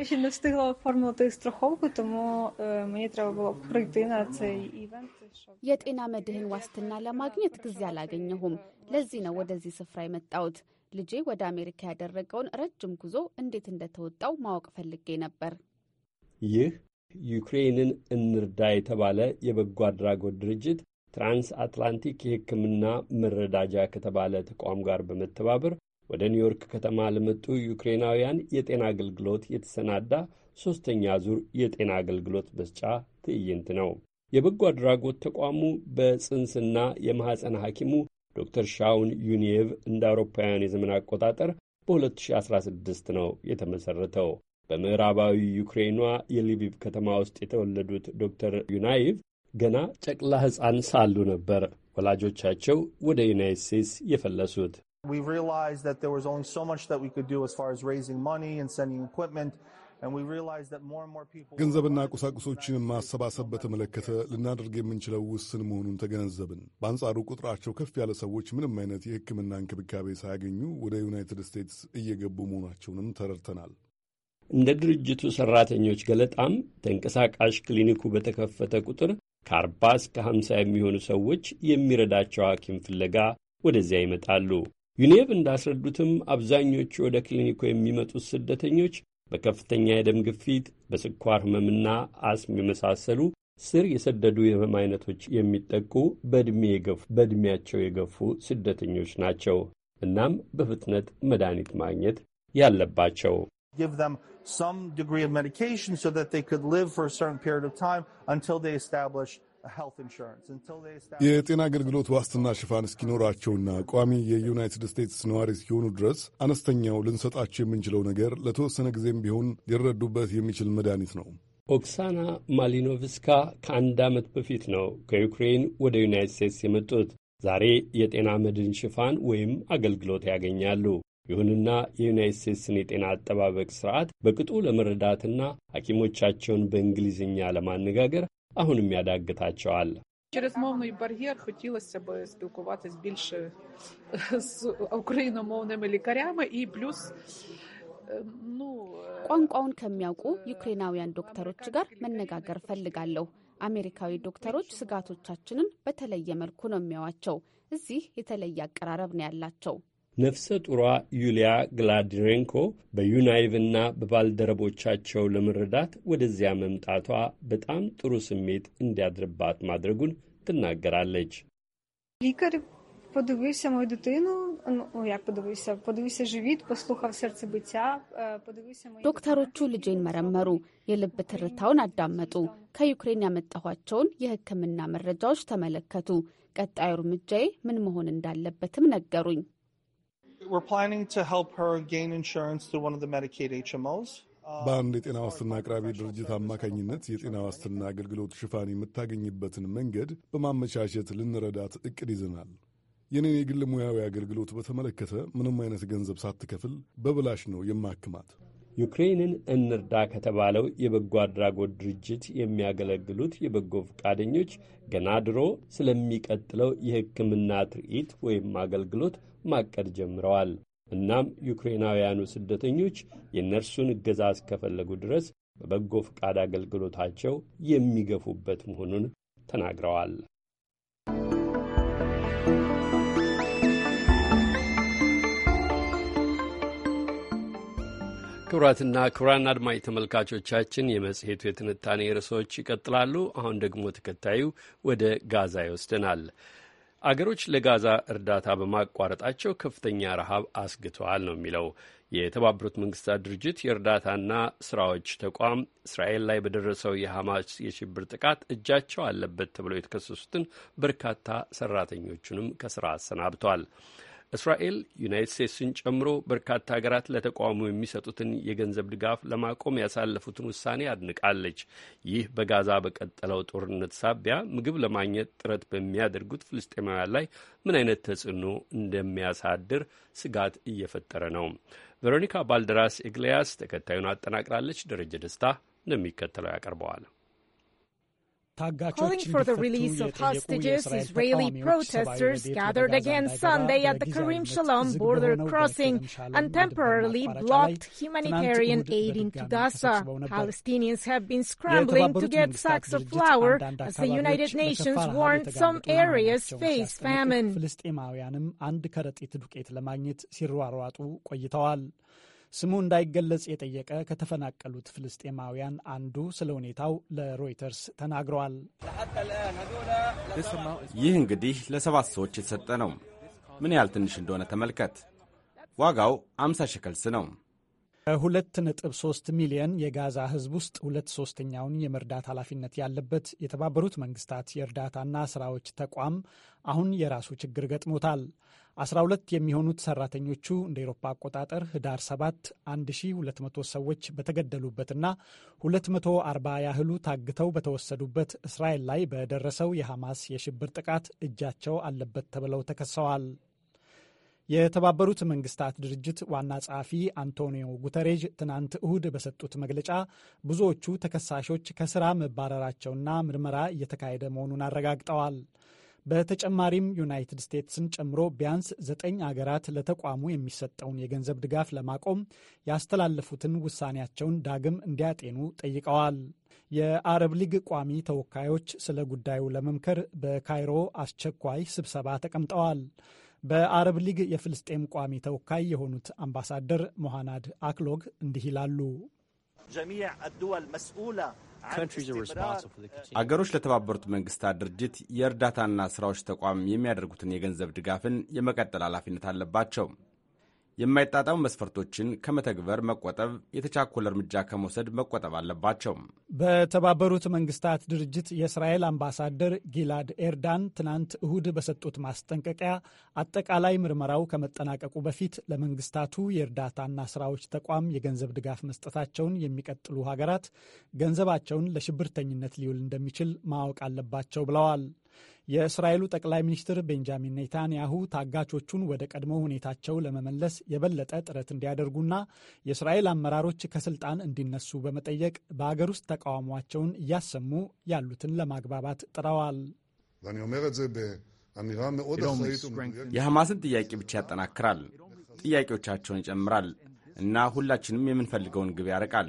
Я ще не встигла оформити страховку, тому мені треба було прийти на цей івент. የጤና መድህን ዋስትና ለማግኘት ጊዜ አላገኘሁም። ለዚህ ነው ወደዚህ ስፍራ የመጣሁት። ልጄ ወደ አሜሪካ ያደረገውን ረጅም ጉዞ እንዴት እንደተወጣው ማወቅ ፈልጌ ነበር። ይህ ዩክሬንን እንርዳ የተባለ የበጎ አድራጎት ድርጅት ትራንስ አትላንቲክ የሕክምና መረዳጃ ከተባለ ተቋም ጋር በመተባበር ወደ ኒውዮርክ ከተማ ለመጡ ዩክሬናውያን የጤና አገልግሎት የተሰናዳ ሦስተኛ ዙር የጤና አገልግሎት መስጫ ትዕይንት ነው። የበጎ አድራጎት ተቋሙ በጽንስና የማኅፀን ሐኪሙ ዶክተር ሻውን ዩኒየቭ እንደ አውሮፓውያን የዘመን አቆጣጠር በ2016 ነው የተመሠረተው። በምዕራባዊ ዩክሬኗ የሊቪቭ ከተማ ውስጥ የተወለዱት ዶክተር ዩናይቭ ገና ጨቅላ ሕፃን ሳሉ ነበር ወላጆቻቸው ወደ ዩናይት ስቴትስ የፈለሱት። We realized that there was only so much that we could do as far as raising money and sending equipment. ገንዘብና ቁሳቁሶችን ማሰባሰብ በተመለከተ ልናደርግ የምንችለው ውስን መሆኑን ተገነዘብን። በአንጻሩ ቁጥራቸው ከፍ ያለ ሰዎች ምንም አይነት የሕክምና እንክብካቤ ሳያገኙ ወደ ዩናይትድ ስቴትስ እየገቡ መሆናቸውንም ተረድተናል። እንደ ድርጅቱ ሠራተኞች ገለጣም ተንቀሳቃሽ ክሊኒኩ በተከፈተ ቁጥር ከ40 እስከ 50 የሚሆኑ ሰዎች የሚረዳቸው ሐኪም ፍለጋ ወደዚያ ይመጣሉ። ዩኔቭ እንዳስረዱትም አብዛኞቹ ወደ ክሊኒኩ የሚመጡት ስደተኞች በከፍተኛ የደም ግፊት፣ በስኳር ህመምና አስም የመሳሰሉ ስር የሰደዱ የህመም አይነቶች የሚጠቁ በዕድሜያቸው የገፉ ስደተኞች ናቸው። እናም በፍጥነት መድኃኒት ማግኘት ያለባቸው some degree of medication so that they could live for a certain period of time until they establish የጤና አገልግሎት ዋስትና ሽፋን እስኪኖራቸውና ቋሚ የዩናይትድ ስቴትስ ነዋሪ እስኪሆኑ ድረስ አነስተኛው ልንሰጣቸው የምንችለው ነገር ለተወሰነ ጊዜም ቢሆን ሊረዱበት የሚችል መድኃኒት ነው። ኦክሳና ማሊኖቭስካ ከአንድ ዓመት በፊት ነው ከዩክሬን ወደ ዩናይትድ ስቴትስ የመጡት። ዛሬ የጤና መድን ሽፋን ወይም አገልግሎት ያገኛሉ። ይሁንና የዩናይት ስቴትስን የጤና አጠባበቅ ስርዓት በቅጡ ለመረዳትና ሐኪሞቻቸውን በእንግሊዝኛ ለማነጋገር አሁንም ያዳግታቸዋል። ቋንቋውን ከሚያውቁ ዩክሬናውያን ዶክተሮች ጋር መነጋገር ፈልጋለሁ አሜሪካዊ ዶክተሮች ስጋቶቻችንን በተለየ መልኩ ነው የሚያዋቸው። እዚህ የተለየ አቀራረብ ነው ያላቸው። ነፍሰ ጡሯ ዩሊያ ግላድሬንኮ በዩናይቭና በባልደረቦቻቸው ለመረዳት ወደዚያ መምጣቷ በጣም ጥሩ ስሜት እንዲያድርባት ማድረጉን ትናገራለች። oh, uh, uh, ዶክተሮቹ ልጄን መረመሩ፣ የልብ ትርታውን አዳመጡ፣ ከዩክሬን ያመጣኋቸውን የሕክምና መረጃዎች ተመለከቱ። ቀጣዩ እርምጃዬ ምን መሆን እንዳለበትም ነገሩኝ። planning to help her gain insurance through one of the Medicaid HMOs. በአንድ የጤና ዋስትና አቅራቢ ድርጅት አማካኝነት የጤና ዋስትና አገልግሎት ሽፋን የምታገኝበትን መንገድ በማመቻቸት ልንረዳት እቅድ ይዘናል። የኔን የግል ሙያዊ አገልግሎት በተመለከተ ምንም አይነት ገንዘብ ሳትከፍል በብላሽ ነው የማክማት። ዩክሬንን እንርዳ ከተባለው የበጎ አድራጎት ድርጅት የሚያገለግሉት የበጎ ፈቃደኞች ገና ድሮ ስለሚቀጥለው የሕክምና ትርኢት ወይም አገልግሎት ማቀድ ጀምረዋል። እናም ዩክሬናውያኑ ስደተኞች የእነርሱን እገዛ እስከፈለጉ ድረስ በበጎ ፈቃድ አገልግሎታቸው የሚገፉበት መሆኑን ተናግረዋል። ክቡራትና ክቡራን አድማጭ ተመልካቾቻችን የመጽሔቱ የትንታኔ ርዕሶች ይቀጥላሉ። አሁን ደግሞ ተከታዩ ወደ ጋዛ ይወስደናል። አገሮች ለጋዛ እርዳታ በማቋረጣቸው ከፍተኛ ረሃብ አስግተዋል ነው የሚለው የተባበሩት መንግስታት ድርጅት የእርዳታና ስራዎች ተቋም እስራኤል ላይ በደረሰው የሐማስ የሽብር ጥቃት እጃቸው አለበት ተብለው የተከሰሱትን በርካታ ሰራተኞቹንም ከስራ አሰናብቷል። እስራኤል ዩናይት ስቴትስን ጨምሮ በርካታ ሀገራት ለተቃውሞ የሚሰጡትን የገንዘብ ድጋፍ ለማቆም ያሳለፉትን ውሳኔ አድንቃለች። ይህ በጋዛ በቀጠለው ጦርነት ሳቢያ ምግብ ለማግኘት ጥረት በሚያደርጉት ፍልስጤማውያን ላይ ምን አይነት ተጽዕኖ እንደሚያሳድር ስጋት እየፈጠረ ነው። ቬሮኒካ ባልደራስ ኤግሊያስ ተከታዩን አጠናቅራለች። ደረጀ ደስታ እንደሚከተለው ያቀርበዋል። Calling for the release of hostages, Israeli protesters gathered again Sunday at the Karim Shalom border crossing and temporarily blocked humanitarian aid into Gaza. Palestinians have been scrambling to get sacks of flour as the United Nations warned some areas face famine. ስሙ እንዳይገለጽ የጠየቀ ከተፈናቀሉት ፍልስጤማውያን አንዱ ስለ ሁኔታው ለሮይተርስ ተናግረዋል። ይህ እንግዲህ ለሰባት ሰዎች የተሰጠ ነው። ምን ያህል ትንሽ እንደሆነ ተመልከት። ዋጋው 50 ሸከልስ ነው። ከሁለት ነጥብ ሶስት ሚሊየን የጋዛ ሕዝብ ውስጥ ሁለት ሶስተኛውን የመርዳት ኃላፊነት ያለበት የተባበሩት መንግስታት የእርዳታና ስራዎች ተቋም አሁን የራሱ ችግር ገጥሞታል። አስራ ሁለት የሚሆኑት ሰራተኞቹ እንደ ኤሮፓ አቆጣጠር ህዳር 7 1200 ሰዎች በተገደሉበትና 240 ያህሉ ታግተው በተወሰዱበት እስራኤል ላይ በደረሰው የሐማስ የሽብር ጥቃት እጃቸው አለበት ተብለው ተከሰዋል። የተባበሩት መንግስታት ድርጅት ዋና ጸሐፊ አንቶኒዮ ጉተሬዥ ትናንት እሁድ በሰጡት መግለጫ ብዙዎቹ ተከሳሾች ከስራ መባረራቸውና ምርመራ እየተካሄደ መሆኑን አረጋግጠዋል። በተጨማሪም ዩናይትድ ስቴትስን ጨምሮ ቢያንስ ዘጠኝ አገራት ለተቋሙ የሚሰጠውን የገንዘብ ድጋፍ ለማቆም ያስተላለፉትን ውሳኔያቸውን ዳግም እንዲያጤኑ ጠይቀዋል። የአረብ ሊግ ቋሚ ተወካዮች ስለ ጉዳዩ ለመምከር በካይሮ አስቸኳይ ስብሰባ ተቀምጠዋል። በአረብ ሊግ የፍልስጤም ቋሚ ተወካይ የሆኑት አምባሳደር ሞሐናድ አክሎግ እንዲህ ይላሉ። አገሮች ለተባበሩት መንግስታት ድርጅት የእርዳታና ስራዎች ተቋም የሚያደርጉትን የገንዘብ ድጋፍን የመቀጠል ኃላፊነት አለባቸው። የማይጣጣሙ መስፈርቶችን ከመተግበር መቆጠብ፣ የተቻኮለ እርምጃ ከመውሰድ መቆጠብ አለባቸው። በተባበሩት መንግስታት ድርጅት የእስራኤል አምባሳደር ጊላድ ኤርዳን ትናንት እሁድ በሰጡት ማስጠንቀቂያ አጠቃላይ ምርመራው ከመጠናቀቁ በፊት ለመንግስታቱ የእርዳታና ስራዎች ተቋም የገንዘብ ድጋፍ መስጠታቸውን የሚቀጥሉ ሀገራት ገንዘባቸውን ለሽብርተኝነት ሊውል እንደሚችል ማወቅ አለባቸው ብለዋል። የእስራኤሉ ጠቅላይ ሚኒስትር ቤንጃሚን ኔታንያሁ ታጋቾቹን ወደ ቀድሞ ሁኔታቸው ለመመለስ የበለጠ ጥረት እንዲያደርጉና የእስራኤል አመራሮች ከስልጣን እንዲነሱ በመጠየቅ በአገር ውስጥ ተቃውሟቸውን እያሰሙ ያሉትን ለማግባባት ጥረዋል። የሐማስን ጥያቄ ብቻ ያጠናክራል፣ ጥያቄዎቻቸውን ይጨምራል እና ሁላችንም የምንፈልገውን ግብ ያርቃል።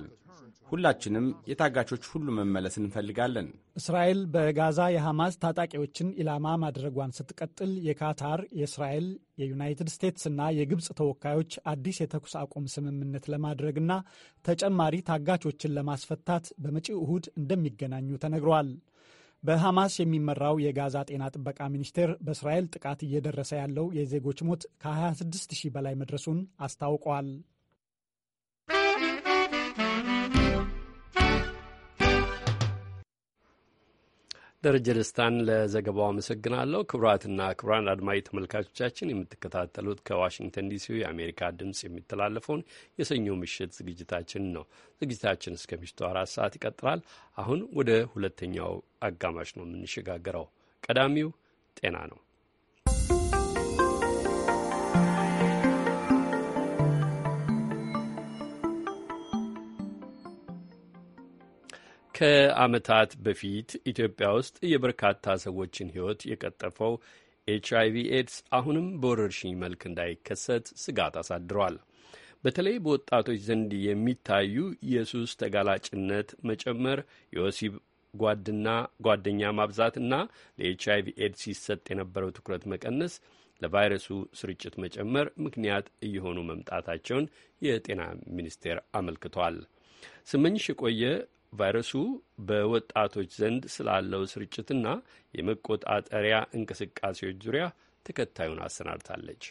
ሁላችንም የታጋቾች ሁሉ መመለስ እንፈልጋለን። እስራኤል በጋዛ የሐማስ ታጣቂዎችን ኢላማ ማድረጓን ስትቀጥል የካታር፣ የእስራኤል፣ የዩናይትድ ስቴትስ እና የግብፅ ተወካዮች አዲስ የተኩስ አቁም ስምምነት ለማድረግና ተጨማሪ ታጋቾችን ለማስፈታት በመጪው እሁድ እንደሚገናኙ ተነግሯል። በሐማስ የሚመራው የጋዛ ጤና ጥበቃ ሚኒስቴር በእስራኤል ጥቃት እየደረሰ ያለው የዜጎች ሞት ከ26 ሺህ በላይ መድረሱን አስታውቋል። ደረጀ ደስታን ለዘገባው አመሰግናለሁ። ክቡራትና ክቡራን አድማጭ ተመልካቾቻችን የምትከታተሉት ከዋሽንግተን ዲሲ የአሜሪካ ድምፅ የሚተላለፈውን የሰኞ ምሽት ዝግጅታችን ነው። ዝግጅታችን እስከ ምሽቱ አራት ሰዓት ይቀጥላል። አሁን ወደ ሁለተኛው አጋማሽ ነው የምንሸጋገረው። ቀዳሚው ጤና ነው። ከዓመታት በፊት ኢትዮጵያ ውስጥ የበርካታ ሰዎችን ሕይወት የቀጠፈው ኤች ቪ ኤድስ አሁንም በወረርሽኝ መልክ እንዳይከሰት ስጋት አሳድሯል። በተለይ በወጣቶች ዘንድ የሚታዩ የሱስ ተጋላጭነት መጨመር፣ የወሲብ ጓድና ጓደኛ ማብዛትና ለኤች ቪ ኤድስ ይሰጥ የነበረው ትኩረት መቀነስ ለቫይረሱ ስርጭት መጨመር ምክንያት እየሆኑ መምጣታቸውን የጤና ሚኒስቴር አመልክቷል። ስመኝሽ የቆየ ቫይረሱ በወጣቶች ዘንድ ስላለው ስርጭትና የመቆጣጠሪያ እንቅስቃሴዎች ዙሪያ ተከታዩን አሰናድታለች።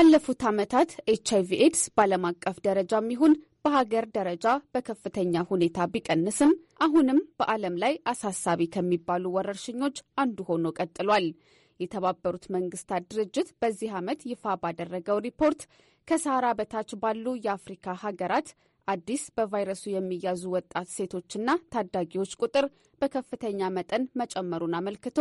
ባለፉት ዓመታት ኤች አይቪ ኤድስ በዓለም አቀፍ ደረጃም ይሁን በሀገር ደረጃ በከፍተኛ ሁኔታ ቢቀንስም አሁንም በዓለም ላይ አሳሳቢ ከሚባሉ ወረርሽኞች አንዱ ሆኖ ቀጥሏል። የተባበሩት መንግስታት ድርጅት በዚህ ዓመት ይፋ ባደረገው ሪፖርት ከሳህራ በታች ባሉ የአፍሪካ ሀገራት አዲስ በቫይረሱ የሚያዙ ወጣት ሴቶችና ታዳጊዎች ቁጥር በከፍተኛ መጠን መጨመሩን አመልክቶ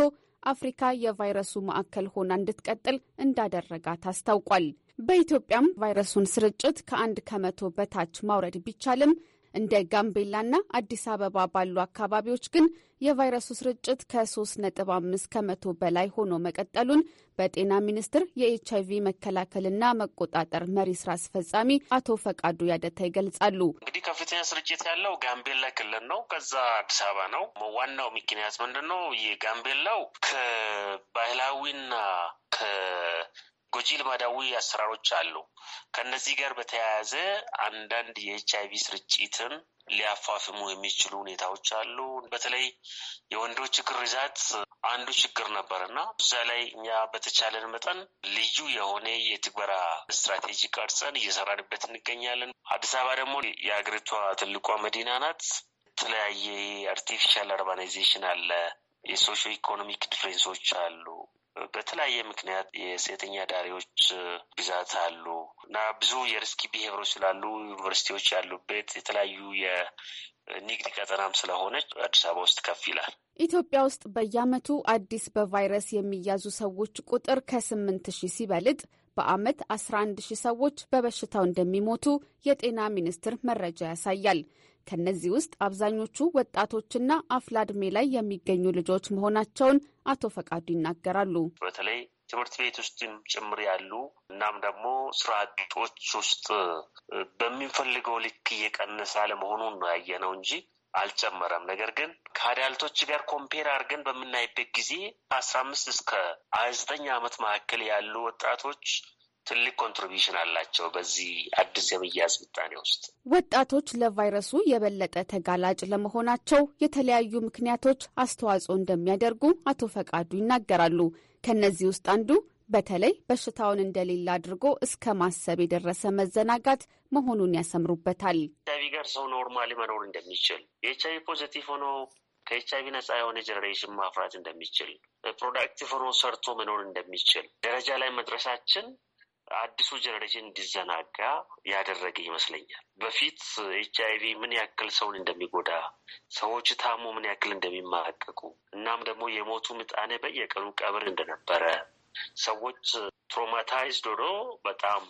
አፍሪካ የቫይረሱ ማዕከል ሆና እንድትቀጥል እንዳደረጋት አስታውቋል። በኢትዮጵያም ቫይረሱን ስርጭት ከአንድ ከመቶ በታች ማውረድ ቢቻልም እንደ ጋምቤላና አዲስ አበባ ባሉ አካባቢዎች ግን የቫይረሱ ስርጭት ከ አምስት ከመቶ በላይ ሆኖ መቀጠሉን በጤና ሚኒስቴር የኤች አይቪ መከላከልና መቆጣጠር መሪ ስራ አስፈጻሚ አቶ ፈቃዱ ያደታ ይገልጻሉ። እንግዲህ ከፍተኛ ስርጭት ያለው ጋምቤላ ክልል ነው። ከዛ አዲስ አበባ ነው። ዋናው ምክንያት ምንድን ነው? ይህ ጋምቤላው ከባህላዊና ጎጂ ልማዳዊ አሰራሮች አሉ። ከነዚህ ጋር በተያያዘ አንዳንድ የኤች አይቪ ስርጭትን ሊያፋፍሙ የሚችሉ ሁኔታዎች አሉ። በተለይ የወንዶች ግርዛት አንዱ ችግር ነበር እና እዛ ላይ እኛ በተቻለን መጠን ልዩ የሆነ የትግበራ ስትራቴጂ ቀርጸን እየሰራንበት እንገኛለን። አዲስ አበባ ደግሞ የሀገሪቷ ትልቋ መዲና ናት። የተለያየ አርቲፊሻል አርባናይዜሽን አለ። የሶሽ ኢኮኖሚክ ዲፍሬንሶች አሉ። በተለያየ ምክንያት የሴተኛ ዳሪዎች ብዛት አሉ እና ብዙ የሪስኪ ብሄሮች ስላሉ ዩኒቨርሲቲዎች ያሉበት የተለያዩ የንግድ ቀጠናም ስለሆነች አዲስ አበባ ውስጥ ከፍ ይላል። ኢትዮጵያ ውስጥ በየዓመቱ አዲስ በቫይረስ የሚያዙ ሰዎች ቁጥር ከስምንት ሺህ ሲበልጥ በዓመት 11 ሺህ ሰዎች በበሽታው እንደሚሞቱ የጤና ሚኒስቴር መረጃ ያሳያል። ከነዚህ ውስጥ አብዛኞቹ ወጣቶችና አፍላ እድሜ ላይ የሚገኙ ልጆች መሆናቸውን አቶ ፈቃዱ ይናገራሉ። በተለይ ትምህርት ቤት ውስጥም ጭምር ያሉ እናም ደግሞ ስራ አጦች ውስጥ በሚፈልገው ልክ እየቀነሰ አለመሆኑን ነው ያየነው እንጂ አልጨመረም። ነገር ግን ከአዳልቶች ጋር ኮምፔር አድርገን በምናይበት ጊዜ አስራ አምስት እስከ ሀያ ዘጠኝ ዓመት መካከል ያሉ ወጣቶች ትልቅ ኮንትሪቢሽን አላቸው። በዚህ አዲስ የመያዝ ምጣኔ ውስጥ ወጣቶች ለቫይረሱ የበለጠ ተጋላጭ ለመሆናቸው የተለያዩ ምክንያቶች አስተዋጽኦ እንደሚያደርጉ አቶ ፈቃዱ ይናገራሉ። ከእነዚህ ውስጥ አንዱ በተለይ በሽታውን እንደሌለ አድርጎ እስከ ማሰብ የደረሰ መዘናጋት መሆኑን ያሰምሩበታል። ኤች አይቪ ጋር ሰው ኖርማሊ መኖር እንደሚችል የኤች አይቪ ፖዚቲቭ ሆኖ ከኤች አይቪ ነጻ የሆነ ጀኔሬሽን ማፍራት እንደሚችል፣ ፕሮዳክቲቭ ሆኖ ሰርቶ መኖር እንደሚችል ደረጃ ላይ መድረሳችን አዲሱ ጀኔሬሽን እንዲዘናጋ ያደረገ ይመስለኛል። በፊት ኤች አይቪ ምን ያክል ሰውን እንደሚጎዳ ሰዎች ታሞ ምን ያክል እንደሚማቀቁ እናም ደግሞ የሞቱ ምጣኔ በየቀኑ ቀብር እንደነበረ ሰዎች ትሮማታይዝድ ሆኖ በጣም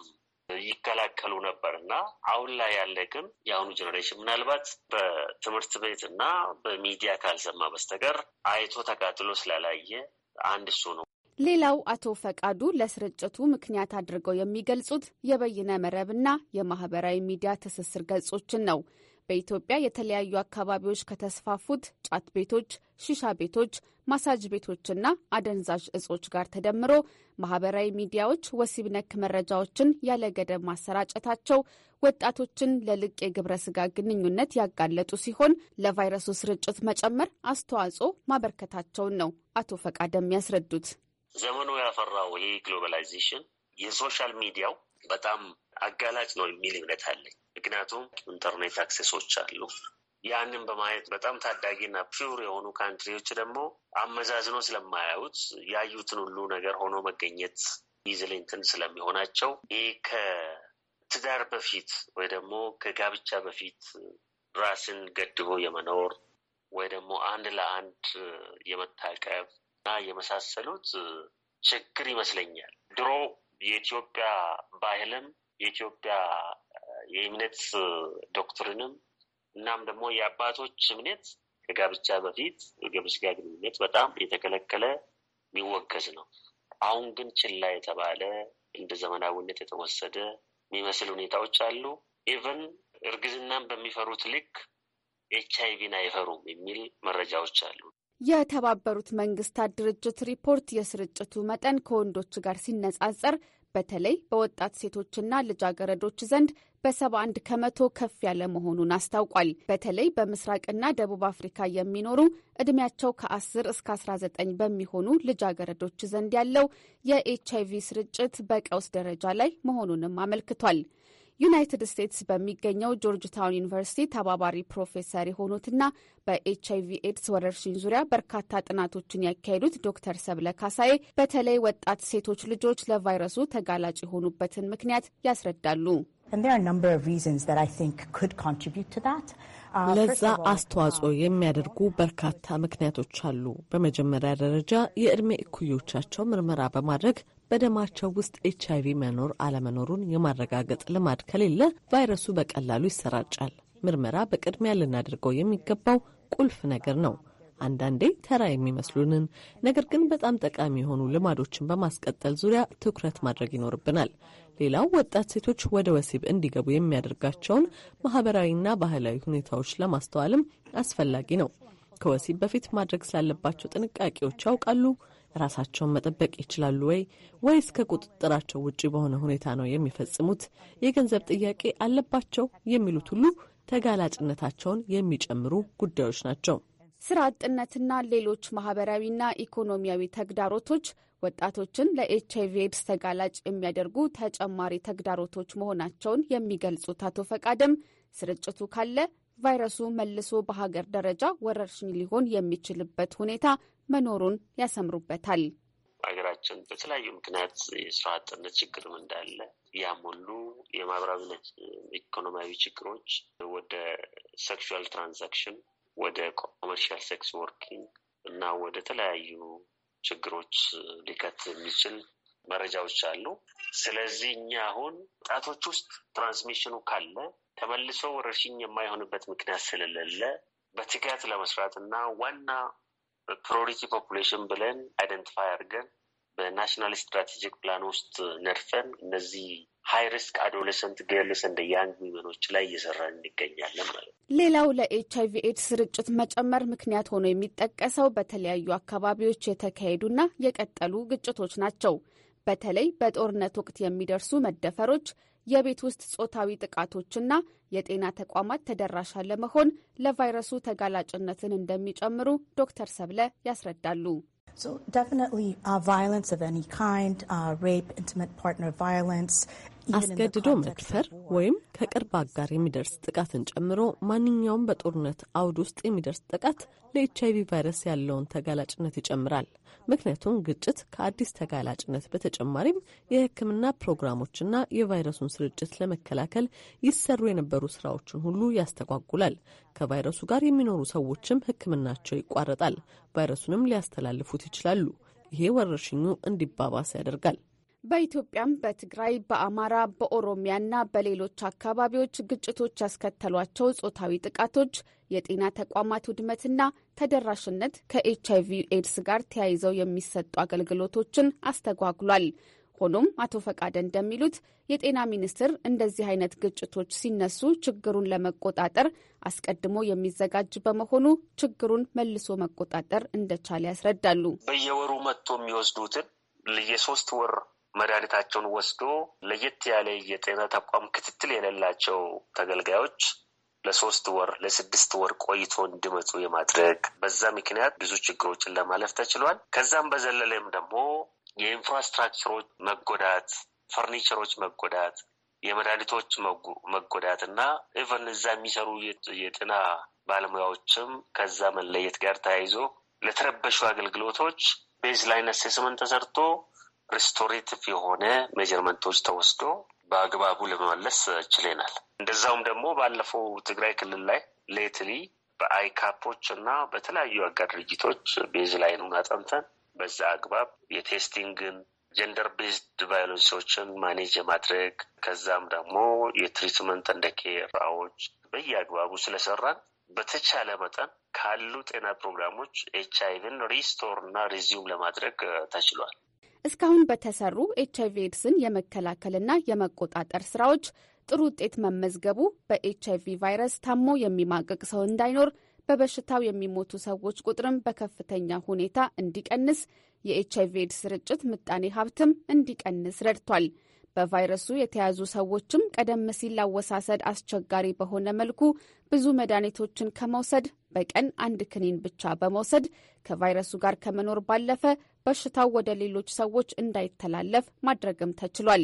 ይከላከሉ ነበር እና አሁን ላይ ያለ ግን የአሁኑ ጀኔሬሽን ምናልባት በትምህርት ቤት እና በሚዲያ ካልሰማ በስተቀር አይቶ ተቃጥሎ ስላላየ አንድ እሱ ነው። ሌላው አቶ ፈቃዱ ለስርጭቱ ምክንያት አድርገው የሚገልጹት የበይነ መረብና የማህበራዊ ሚዲያ ትስስር ገጾችን ነው። በኢትዮጵያ የተለያዩ አካባቢዎች ከተስፋፉት ጫት ቤቶች፣ ሺሻ ቤቶች፣ ማሳጅ ቤቶችና አደንዛዥ እጾች ጋር ተደምሮ ማህበራዊ ሚዲያዎች ወሲብ ነክ መረጃዎችን ያለ ገደብ ማሰራጨታቸው ወጣቶችን ለልቅ የግብረ ስጋ ግንኙነት ያጋለጡ ሲሆን ለቫይረሱ ስርጭት መጨመር አስተዋጽኦ ማበርከታቸውን ነው አቶ ፈቃደም ያስረዱት። ዘመኑ ያፈራው ይህ ግሎባላይዜሽን የሶሻል ሚዲያው በጣም አጋላጭ ነው የሚል እምነት አለኝ። ምክንያቱም ኢንተርኔት አክሴሶች አሉ። ያንን በማየት በጣም ታዳጊና ፒውር የሆኑ ካንትሪዎች ደግሞ አመዛዝኖ ስለማያዩት ያዩትን ሁሉ ነገር ሆኖ መገኘት ኢዝሌንትን ስለሚሆናቸው ይህ ከትዳር በፊት ወይ ደግሞ ከጋብቻ በፊት ራስን ገድቦ የመኖር ወይ ደግሞ አንድ ለአንድ የመታቀብ እና የመሳሰሉት ችግር ይመስለኛል። ድሮ የኢትዮጵያ ባህልም የኢትዮጵያ የእምነት ዶክትሪንም እናም ደግሞ የአባቶች እምነት ከጋብቻ በፊት የጋብቻ ግንኙነት በጣም የተከለከለ የሚወገዝ ነው። አሁን ግን ችላ የተባለ እንደ ዘመናዊነት የተወሰደ የሚመስል ሁኔታዎች አሉ። ኢቨን እርግዝናን በሚፈሩት ልክ ኤች አይቪን አይፈሩም የሚል መረጃዎች አሉ። የተባበሩት መንግስታት ድርጅት ሪፖርት የስርጭቱ መጠን ከወንዶች ጋር ሲነጻጸር በተለይ በወጣት ሴቶችና ልጃገረዶች ዘንድ በ71 ከመቶ ከፍ ያለ መሆኑን አስታውቋል። በተለይ በምስራቅና ደቡብ አፍሪካ የሚኖሩ እድሜያቸው ከ10 እስከ 19 በሚሆኑ ልጃገረዶች ዘንድ ያለው የኤች አይቪ ስርጭት በቀውስ ደረጃ ላይ መሆኑንም አመልክቷል። ዩናይትድ ስቴትስ በሚገኘው ጆርጅ ታውን ዩኒቨርሲቲ ተባባሪ ፕሮፌሰር የሆኑትና በኤች አይቪ ኤድስ ወረርሽኝ ዙሪያ በርካታ ጥናቶችን ያካሄዱት ዶክተር ሰብለ ካሳዬ በተለይ ወጣት ሴቶች ልጆች ለቫይረሱ ተጋላጭ የሆኑበትን ምክንያት ያስረዳሉ። uh, ለዛ አስተዋጽኦ uh, የሚያደርጉ በርካታ ምክንያቶች አሉ። በመጀመሪያ ደረጃ የእድሜ እኩዮቻቸው ምርመራ በማድረግ በደማቸው ውስጥ ኤች አይቪ መኖር አለመኖሩን የማረጋገጥ ልማድ ከሌለ ቫይረሱ በቀላሉ ይሰራጫል። ምርመራ በቅድሚያ ልናደርገው የሚገባው ቁልፍ ነገር ነው። አንዳንዴ ተራ የሚመስሉንን ነገር ግን በጣም ጠቃሚ የሆኑ ልማዶችን በማስቀጠል ዙሪያ ትኩረት ማድረግ ይኖርብናል። ሌላው ወጣት ሴቶች ወደ ወሲብ እንዲገቡ የሚያደርጋቸውን ማህበራዊና ባህላዊ ሁኔታዎች ለማስተዋልም አስፈላጊ ነው። ከወሲብ በፊት ማድረግ ስላለባቸው ጥንቃቄዎች ያውቃሉ? ራሳቸውን መጠበቅ ይችላሉ ወይ ወይስ ከቁጥጥራቸው ውጪ በሆነ ሁኔታ ነው የሚፈጽሙት? የገንዘብ ጥያቄ አለባቸው የሚሉት ሁሉ ተጋላጭነታቸውን የሚጨምሩ ጉዳዮች ናቸው። ስራ አጥነትና ሌሎች ማህበራዊና ኢኮኖሚያዊ ተግዳሮቶች ወጣቶችን ለኤች አይቪ ኤድስ ተጋላጭ የሚያደርጉ ተጨማሪ ተግዳሮቶች መሆናቸውን የሚገልጹት አቶ ፈቃደም ስርጭቱ ካለ ቫይረሱ መልሶ በሀገር ደረጃ ወረርሽኝ ሊሆን የሚችልበት ሁኔታ መኖሩን ያሰምሩበታል። ሀገራችን በተለያዩ ምክንያት የስራ አጥነት ችግርም እንዳለ ያም ሁሉ የማህበራዊና ኢኮኖሚያዊ ችግሮች ወደ ሴክሹዋል ትራንዛክሽን፣ ወደ ኮመርሻል ሴክስ ወርኪንግ እና ወደ ተለያዩ ችግሮች ሊከት የሚችል መረጃዎች አሉ። ስለዚህ እኛ አሁን ጣቶች ውስጥ ትራንስሚሽኑ ካለ ተመልሶ ወረርሽኝ የማይሆንበት ምክንያት ስለሌለ በትጋት ለመስራት እና ዋና ፕራዮሪቲ ፖፑሌሽን ብለን አይደንቲፋይ አድርገን በናሽናል ስትራቴጂክ ፕላን ውስጥ ነድፈን እነዚህ ሀይ ሪስክ አዶለሰንት ገርልስ እንደ ያንግ ዊመኖች ላይ እየሰራ እንገኛለን ማለት ነው። ሌላው ለኤች አይቪ ኤድስ ስርጭት መጨመር ምክንያት ሆኖ የሚጠቀሰው በተለያዩ አካባቢዎች የተካሄዱና የቀጠሉ ግጭቶች ናቸው። በተለይ በጦርነት ወቅት የሚደርሱ መደፈሮች የቤት ውስጥ ጾታዊ ጥቃቶችና የጤና ተቋማት ተደራሽ አለመሆን ለቫይረሱ ተጋላጭነትን እንደሚጨምሩ ዶክተር ሰብለ ያስረዳሉ። So definitely uh, violence of any kind, uh, rape, intimate partner violence, አስገድዶ መድፈር ወይም ከቅርብ አጋር የሚደርስ ጥቃትን ጨምሮ ማንኛውም በጦርነት አውድ ውስጥ የሚደርስ ጥቃት ለኤች አይቪ ቫይረስ ያለውን ተጋላጭነት ይጨምራል። ምክንያቱም ግጭት ከአዲስ ተጋላጭነት በተጨማሪም የሕክምና ፕሮግራሞችና የቫይረሱን ስርጭት ለመከላከል ይሰሩ የነበሩ ስራዎችን ሁሉ ያስተጓጉላል። ከቫይረሱ ጋር የሚኖሩ ሰዎችም ሕክምናቸው ይቋረጣል። ቫይረሱንም ሊያስተላልፉት ይችላሉ። ይሄ ወረርሽኙ እንዲባባስ ያደርጋል። በኢትዮጵያም በትግራይ በአማራ በኦሮሚያና በሌሎች አካባቢዎች ግጭቶች ያስከተሏቸው ጾታዊ ጥቃቶች፣ የጤና ተቋማት ውድመትና ተደራሽነት ከኤች አይቪ ኤድስ ጋር ተያይዘው የሚሰጡ አገልግሎቶችን አስተጓጉሏል። ሆኖም አቶ ፈቃደ እንደሚሉት የጤና ሚኒስቴር እንደዚህ አይነት ግጭቶች ሲነሱ ችግሩን ለመቆጣጠር አስቀድሞ የሚዘጋጅ በመሆኑ ችግሩን መልሶ መቆጣጠር እንደቻለ ያስረዳሉ። በየወሩ መጥቶ የሚወስዱትን ለየሶስት ወር መድኃኒታቸውን ወስዶ ለየት ያለ የጤና ተቋም ክትትል የሌላቸው ተገልጋዮች ለሶስት ወር ለስድስት ወር ቆይቶ እንዲመጡ የማድረግ በዛ ምክንያት ብዙ ችግሮችን ለማለፍ ተችሏል። ከዛም በዘለለም ደግሞ የኢንፍራስትራክቸሮች መጎዳት፣ ፈርኒቸሮች መጎዳት፣ የመድኃኒቶች መጎዳት እና ኢቨን እዛ የሚሰሩ የጤና ባለሙያዎችም ከዛ መለየት ጋር ተያይዞ ለተረበሹ አገልግሎቶች ቤዝ ላይን አሴስመንት ተሰርቶ ሪስቶሬቲቭ የሆነ ሜጀርመንቶች ተወስዶ በአግባቡ ለመመለስ ችለናል። እንደዛውም ደግሞ ባለፈው ትግራይ ክልል ላይ ሌትሊ በአይካፖች እና በተለያዩ አጋር ድርጅቶች ቤዝ ላይኑን አጠምተን በዛ አግባብ የቴስቲንግን ጀንደር ቤዝድ ቫዮለንሶችን ማኔጅ የማድረግ ከዛም ደግሞ የትሪትመንት እንደ ኬራዎች በየአግባቡ ስለሰራን በተቻለ መጠን ካሉ ጤና ፕሮግራሞች ኤች አይቪን ሪስቶር እና ሪዚዩም ለማድረግ ተችሏል። እስካሁን በተሰሩ ኤች አይቪ ኤድስን የመከላከልና የመቆጣጠር ስራዎች ጥሩ ውጤት መመዝገቡ በኤች አይቪ ቫይረስ ታሞ የሚማቀቅ ሰው እንዳይኖር፣ በበሽታው የሚሞቱ ሰዎች ቁጥርም በከፍተኛ ሁኔታ እንዲቀንስ፣ የኤች አይቪ ኤድስ ስርጭት ምጣኔ ሀብትም እንዲቀንስ ረድቷል። በቫይረሱ የተያዙ ሰዎችም ቀደም ሲል ላወሳሰድ አስቸጋሪ በሆነ መልኩ ብዙ መድኃኒቶችን ከመውሰድ በቀን አንድ ክኒን ብቻ በመውሰድ ከቫይረሱ ጋር ከመኖር ባለፈ በሽታው ወደ ሌሎች ሰዎች እንዳይተላለፍ ማድረግም ተችሏል።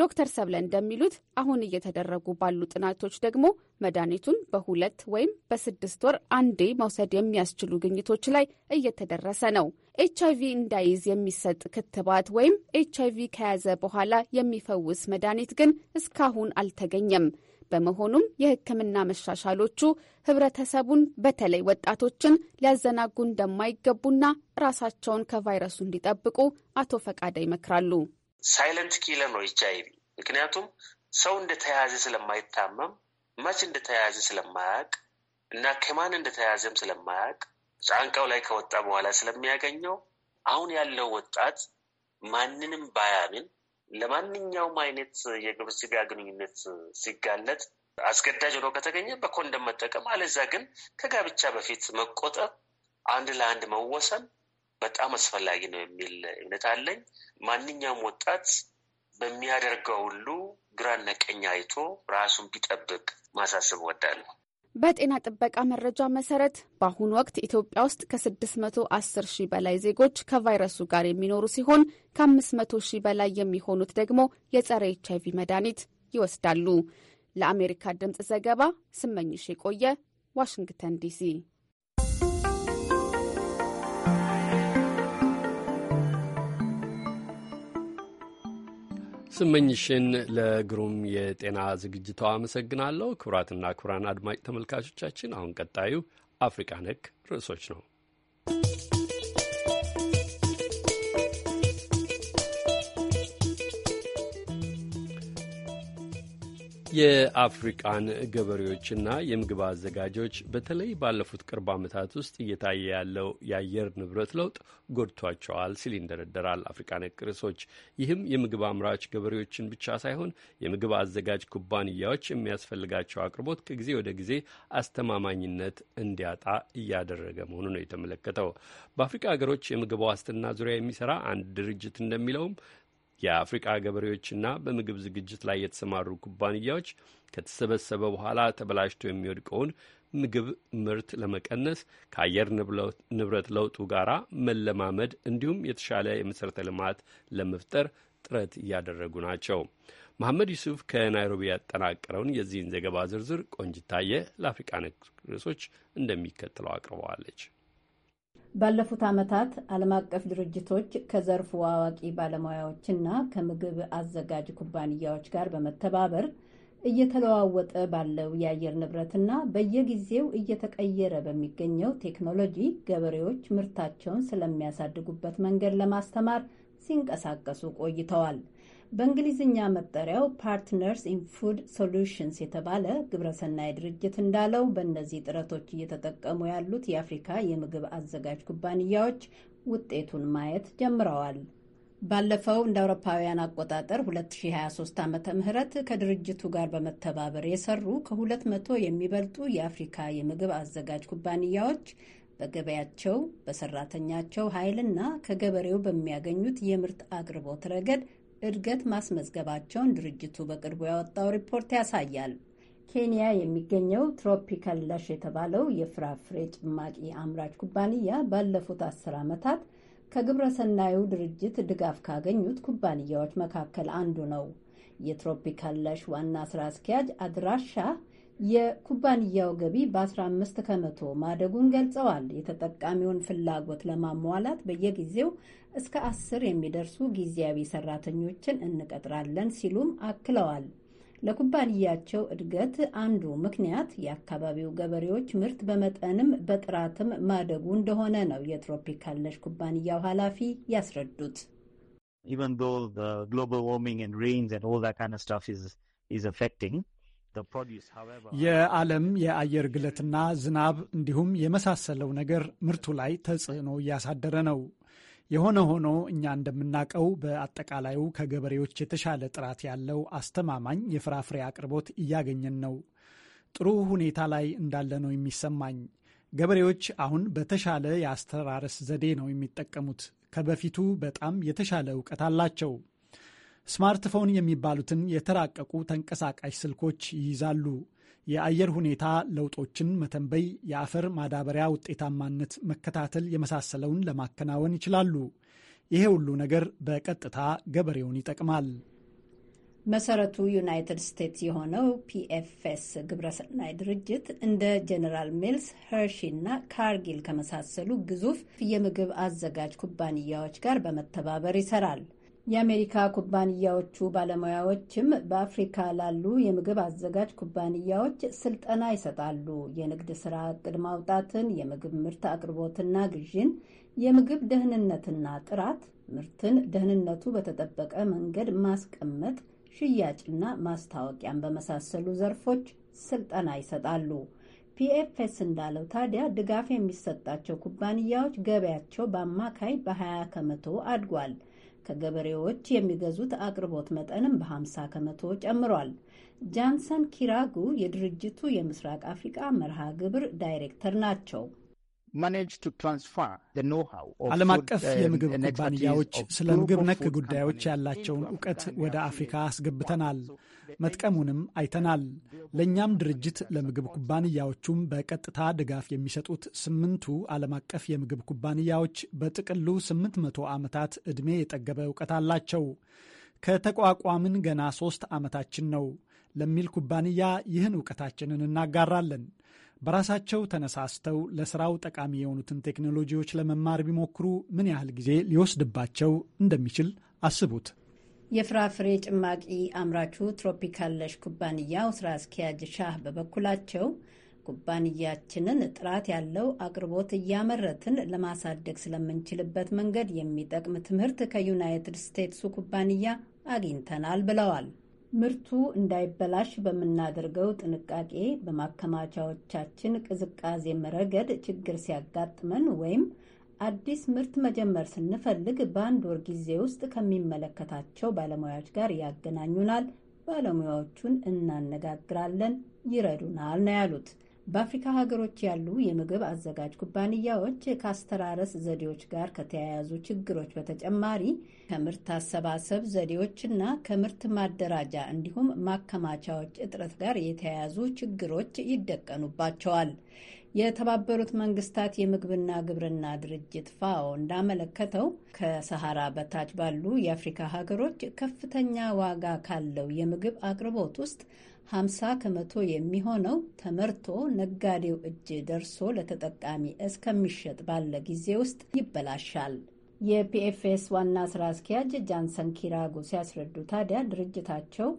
ዶክተር ሰብለ እንደሚሉት አሁን እየተደረጉ ባሉ ጥናቶች ደግሞ መድኃኒቱን በሁለት ወይም በስድስት ወር አንዴ መውሰድ የሚያስችሉ ግኝቶች ላይ እየተደረሰ ነው። ኤች አይቪ እንዳይዝ የሚሰጥ ክትባት ወይም ኤች አይቪ ከያዘ በኋላ የሚፈውስ መድኃኒት ግን እስካሁን አልተገኘም። በመሆኑም የሕክምና መሻሻሎቹ ህብረተሰቡን በተለይ ወጣቶችን ሊያዘናጉ እንደማይገቡና ራሳቸውን ከቫይረሱ እንዲጠብቁ አቶ ፈቃደ ይመክራሉ። ሳይለንት ኪለር ነው ኤች አይ ቪ። ምክንያቱም ሰው እንደተያያዘ ስለማይታመም መች እንደተያያዘ ስለማያውቅ እና ከማን እንደተያያዘም ስለማያውቅ ጫንቃው ላይ ከወጣ በኋላ ስለሚያገኘው አሁን ያለው ወጣት ማንንም ባያምን ለማንኛውም አይነት የግብረ ስጋ ግንኙነት ሲጋለጥ አስገዳጅ ሆኖ ከተገኘ በኮንደም መጠቀም፣ አለዛ ግን ከጋብቻ በፊት መቆጠብ፣ አንድ ለአንድ መወሰን በጣም አስፈላጊ ነው የሚል እምነት አለኝ። ማንኛውም ወጣት በሚያደርገው ሁሉ ግራና ቀኝ አይቶ ራሱን ቢጠብቅ ማሳሰብ እወዳለሁ። በጤና ጥበቃ መረጃ መሰረት በአሁኑ ወቅት ኢትዮጵያ ውስጥ ከ610 ሺህ በላይ ዜጎች ከቫይረሱ ጋር የሚኖሩ ሲሆን ከ500 ሺህ በላይ የሚሆኑት ደግሞ የጸረ ኤች አይቪ መድኃኒት ይወስዳሉ። ለአሜሪካ ድምፅ ዘገባ ስመኝሽ የቆየ ዋሽንግተን ዲሲ። ስመኝሽን ለግሩም የጤና ዝግጅቷ አመሰግናለሁ። ክቡራትና ክቡራን አድማጭ ተመልካቾቻችን አሁን ቀጣዩ አፍሪካ ነክ ርዕሶች ነው። የአፍሪቃን ገበሬዎችና የምግብ አዘጋጆች በተለይ ባለፉት ቅርብ ዓመታት ውስጥ እየታየ ያለው የአየር ንብረት ለውጥ ጎድቷቸዋል ሲል ይንደረደራል አፍሪቃ ነክ ርዕሶች። ይህም የምግብ አምራች ገበሬዎችን ብቻ ሳይሆን የምግብ አዘጋጅ ኩባንያዎች የሚያስፈልጋቸው አቅርቦት ከጊዜ ወደ ጊዜ አስተማማኝነት እንዲያጣ እያደረገ መሆኑ ነው የተመለከተው። በአፍሪካ ሀገሮች የምግብ ዋስትና ዙሪያ የሚሰራ አንድ ድርጅት እንደሚለውም የአፍሪቃ ገበሬዎችና በምግብ ዝግጅት ላይ የተሰማሩ ኩባንያዎች ከተሰበሰበ በኋላ ተበላሽቶ የሚወድቀውን ምግብ ምርት ለመቀነስ ከአየር ንብረት ለውጡ ጋር መለማመድ እንዲሁም የተሻለ የመሠረተ ልማት ለመፍጠር ጥረት እያደረጉ ናቸው። መሐመድ ዩሱፍ ከናይሮቢ ያጠናቀረውን የዚህን ዘገባ ዝርዝር ቆንጅታየ ለአፍሪቃ ነክ ርዕሶች እንደሚከተለው አቅርበዋለች። ባለፉት ዓመታት ዓለም አቀፍ ድርጅቶች ከዘርፉ አዋቂ ባለሙያዎችና ከምግብ አዘጋጅ ኩባንያዎች ጋር በመተባበር እየተለዋወጠ ባለው የአየር ንብረትና በየጊዜው እየተቀየረ በሚገኘው ቴክኖሎጂ ገበሬዎች ምርታቸውን ስለሚያሳድጉበት መንገድ ለማስተማር ሲንቀሳቀሱ ቆይተዋል። በእንግሊዝኛ መጠሪያው ፓርትነርስ ኢን ፉድ ሶሉሽንስ የተባለ ግብረሰናይ ድርጅት እንዳለው በእነዚህ ጥረቶች እየተጠቀሙ ያሉት የአፍሪካ የምግብ አዘጋጅ ኩባንያዎች ውጤቱን ማየት ጀምረዋል። ባለፈው እንደ አውሮፓውያን አቆጣጠር 2023 ዓ ምህረት ከድርጅቱ ጋር በመተባበር የሰሩ ከሁለት መቶ የሚበልጡ የአፍሪካ የምግብ አዘጋጅ ኩባንያዎች በገበያቸው፣ በሰራተኛቸው ኃይልና ከገበሬው በሚያገኙት የምርት አቅርቦት ረገድ እድገት ማስመዝገባቸውን ድርጅቱ በቅርቡ ያወጣው ሪፖርት ያሳያል። ኬንያ የሚገኘው ትሮፒካል ለሽ የተባለው የፍራፍሬ ጭማቂ አምራች ኩባንያ ባለፉት አስር ዓመታት ከግብረ ሰናዩ ድርጅት ድጋፍ ካገኙት ኩባንያዎች መካከል አንዱ ነው። የትሮፒካል ላሽ ዋና ስራ አስኪያጅ አድራሻ የኩባንያው ገቢ በ15 ከመቶ ማደጉን ገልጸዋል። የተጠቃሚውን ፍላጎት ለማሟላት በየጊዜው እስከ አስር የሚደርሱ ጊዜያዊ ሰራተኞችን እንቀጥራለን ሲሉም አክለዋል። ለኩባንያቸው እድገት አንዱ ምክንያት የአካባቢው ገበሬዎች ምርት በመጠንም በጥራትም ማደጉ እንደሆነ ነው የትሮፒካል ነሽ ኩባንያው ኃላፊ ያስረዱት። ኢቨን ዶ ግሎባል ዋርሚንግ የዓለም የአየር ግለትና ዝናብ እንዲሁም የመሳሰለው ነገር ምርቱ ላይ ተጽዕኖ እያሳደረ ነው። የሆነ ሆኖ እኛ እንደምናውቀው በአጠቃላዩ ከገበሬዎች የተሻለ ጥራት ያለው አስተማማኝ የፍራፍሬ አቅርቦት እያገኘን ነው። ጥሩ ሁኔታ ላይ እንዳለ ነው የሚሰማኝ። ገበሬዎች አሁን በተሻለ የአስተራረስ ዘዴ ነው የሚጠቀሙት። ከበፊቱ በጣም የተሻለ እውቀት አላቸው። ስማርትፎን የሚባሉትን የተራቀቁ ተንቀሳቃሽ ስልኮች ይይዛሉ። የአየር ሁኔታ ለውጦችን መተንበይ፣ የአፈር ማዳበሪያ ውጤታማነት መከታተል የመሳሰለውን ለማከናወን ይችላሉ። ይሄ ሁሉ ነገር በቀጥታ ገበሬውን ይጠቅማል። መሰረቱ ዩናይትድ ስቴትስ የሆነው ፒኤፍኤስ ግብረሰናይ ድርጅት እንደ ጀነራል ሚልስ፣ ሄርሺ እና ካርጊል ከመሳሰሉ ግዙፍ የምግብ አዘጋጅ ኩባንያዎች ጋር በመተባበር ይሰራል። የአሜሪካ ኩባንያዎቹ ባለሙያዎችም በአፍሪካ ላሉ የምግብ አዘጋጅ ኩባንያዎች ስልጠና ይሰጣሉ። የንግድ ስራ እቅድ ማውጣትን፣ የምግብ ምርት አቅርቦትና ግዥን፣ የምግብ ደህንነትና ጥራት፣ ምርትን ደህንነቱ በተጠበቀ መንገድ ማስቀመጥ፣ ሽያጭና ማስታወቂያን በመሳሰሉ ዘርፎች ስልጠና ይሰጣሉ። ፒኤፍኤስ እንዳለው ታዲያ ድጋፍ የሚሰጣቸው ኩባንያዎች ገበያቸው በአማካይ በ20 ከመቶ አድጓል። ከገበሬዎች የሚገዙት አቅርቦት መጠንም በ50 ከመቶ ጨምሯል። ጃንሰን ኪራጉ የድርጅቱ የምስራቅ አፍሪቃ መርሃ ግብር ዳይሬክተር ናቸው። ዓለም አቀፍ የምግብ ኩባንያዎች ስለ ምግብ ነክ ጉዳዮች ያላቸውን እውቀት ወደ አፍሪካ አስገብተናል። መጥቀሙንም አይተናል። ለእኛም ድርጅት ለምግብ ኩባንያዎቹም በቀጥታ ድጋፍ የሚሰጡት ስምንቱ ዓለም አቀፍ የምግብ ኩባንያዎች በጥቅሉ 800 ዓመታት ዕድሜ የጠገበ እውቀት አላቸው። ከተቋቋምን ገና ሶስት ዓመታችን ነው ለሚል ኩባንያ ይህን እውቀታችንን እናጋራለን። በራሳቸው ተነሳስተው ለስራው ጠቃሚ የሆኑትን ቴክኖሎጂዎች ለመማር ቢሞክሩ ምን ያህል ጊዜ ሊወስድባቸው እንደሚችል አስቡት። የፍራፍሬ ጭማቂ አምራቹ ትሮፒካለሽ ኩባንያው ስራ አስኪያጅ ሻህ በበኩላቸው ኩባንያችንን ጥራት ያለው አቅርቦት እያመረትን ለማሳደግ ስለምንችልበት መንገድ የሚጠቅም ትምህርት ከዩናይትድ ስቴትሱ ኩባንያ አግኝተናል ብለዋል። ምርቱ እንዳይበላሽ በምናደርገው ጥንቃቄ በማከማቻዎቻችን ቅዝቃዜም ረገድ ችግር ሲያጋጥመን ወይም አዲስ ምርት መጀመር ስንፈልግ በአንድ ወር ጊዜ ውስጥ ከሚመለከታቸው ባለሙያዎች ጋር ያገናኙናል፣ ባለሙያዎቹን እናነጋግራለን፣ ይረዱናል ነው ያሉት። በአፍሪካ ሀገሮች ያሉ የምግብ አዘጋጅ ኩባንያዎች ከአስተራረስ ዘዴዎች ጋር ከተያያዙ ችግሮች በተጨማሪ ከምርት አሰባሰብ ዘዴዎችና ከምርት ማደራጃ እንዲሁም ማከማቻዎች እጥረት ጋር የተያያዙ ችግሮች ይደቀኑባቸዋል። የተባበሩት መንግስታት የምግብና ግብርና ድርጅት ፋኦ እንዳመለከተው ከሰሃራ በታች ባሉ የአፍሪካ ሀገሮች ከፍተኛ ዋጋ ካለው የምግብ አቅርቦት ውስጥ 50 ከመቶ የሚሆነው ተመርቶ ነጋዴው እጅ ደርሶ ለተጠቃሚ እስከሚሸጥ ባለ ጊዜ ውስጥ ይበላሻል። የፒኤፍኤስ ዋና ስራ አስኪያጅ ጃንሰን ኪራጉ ሲያስረዱ ታዲያ ድርጅታቸው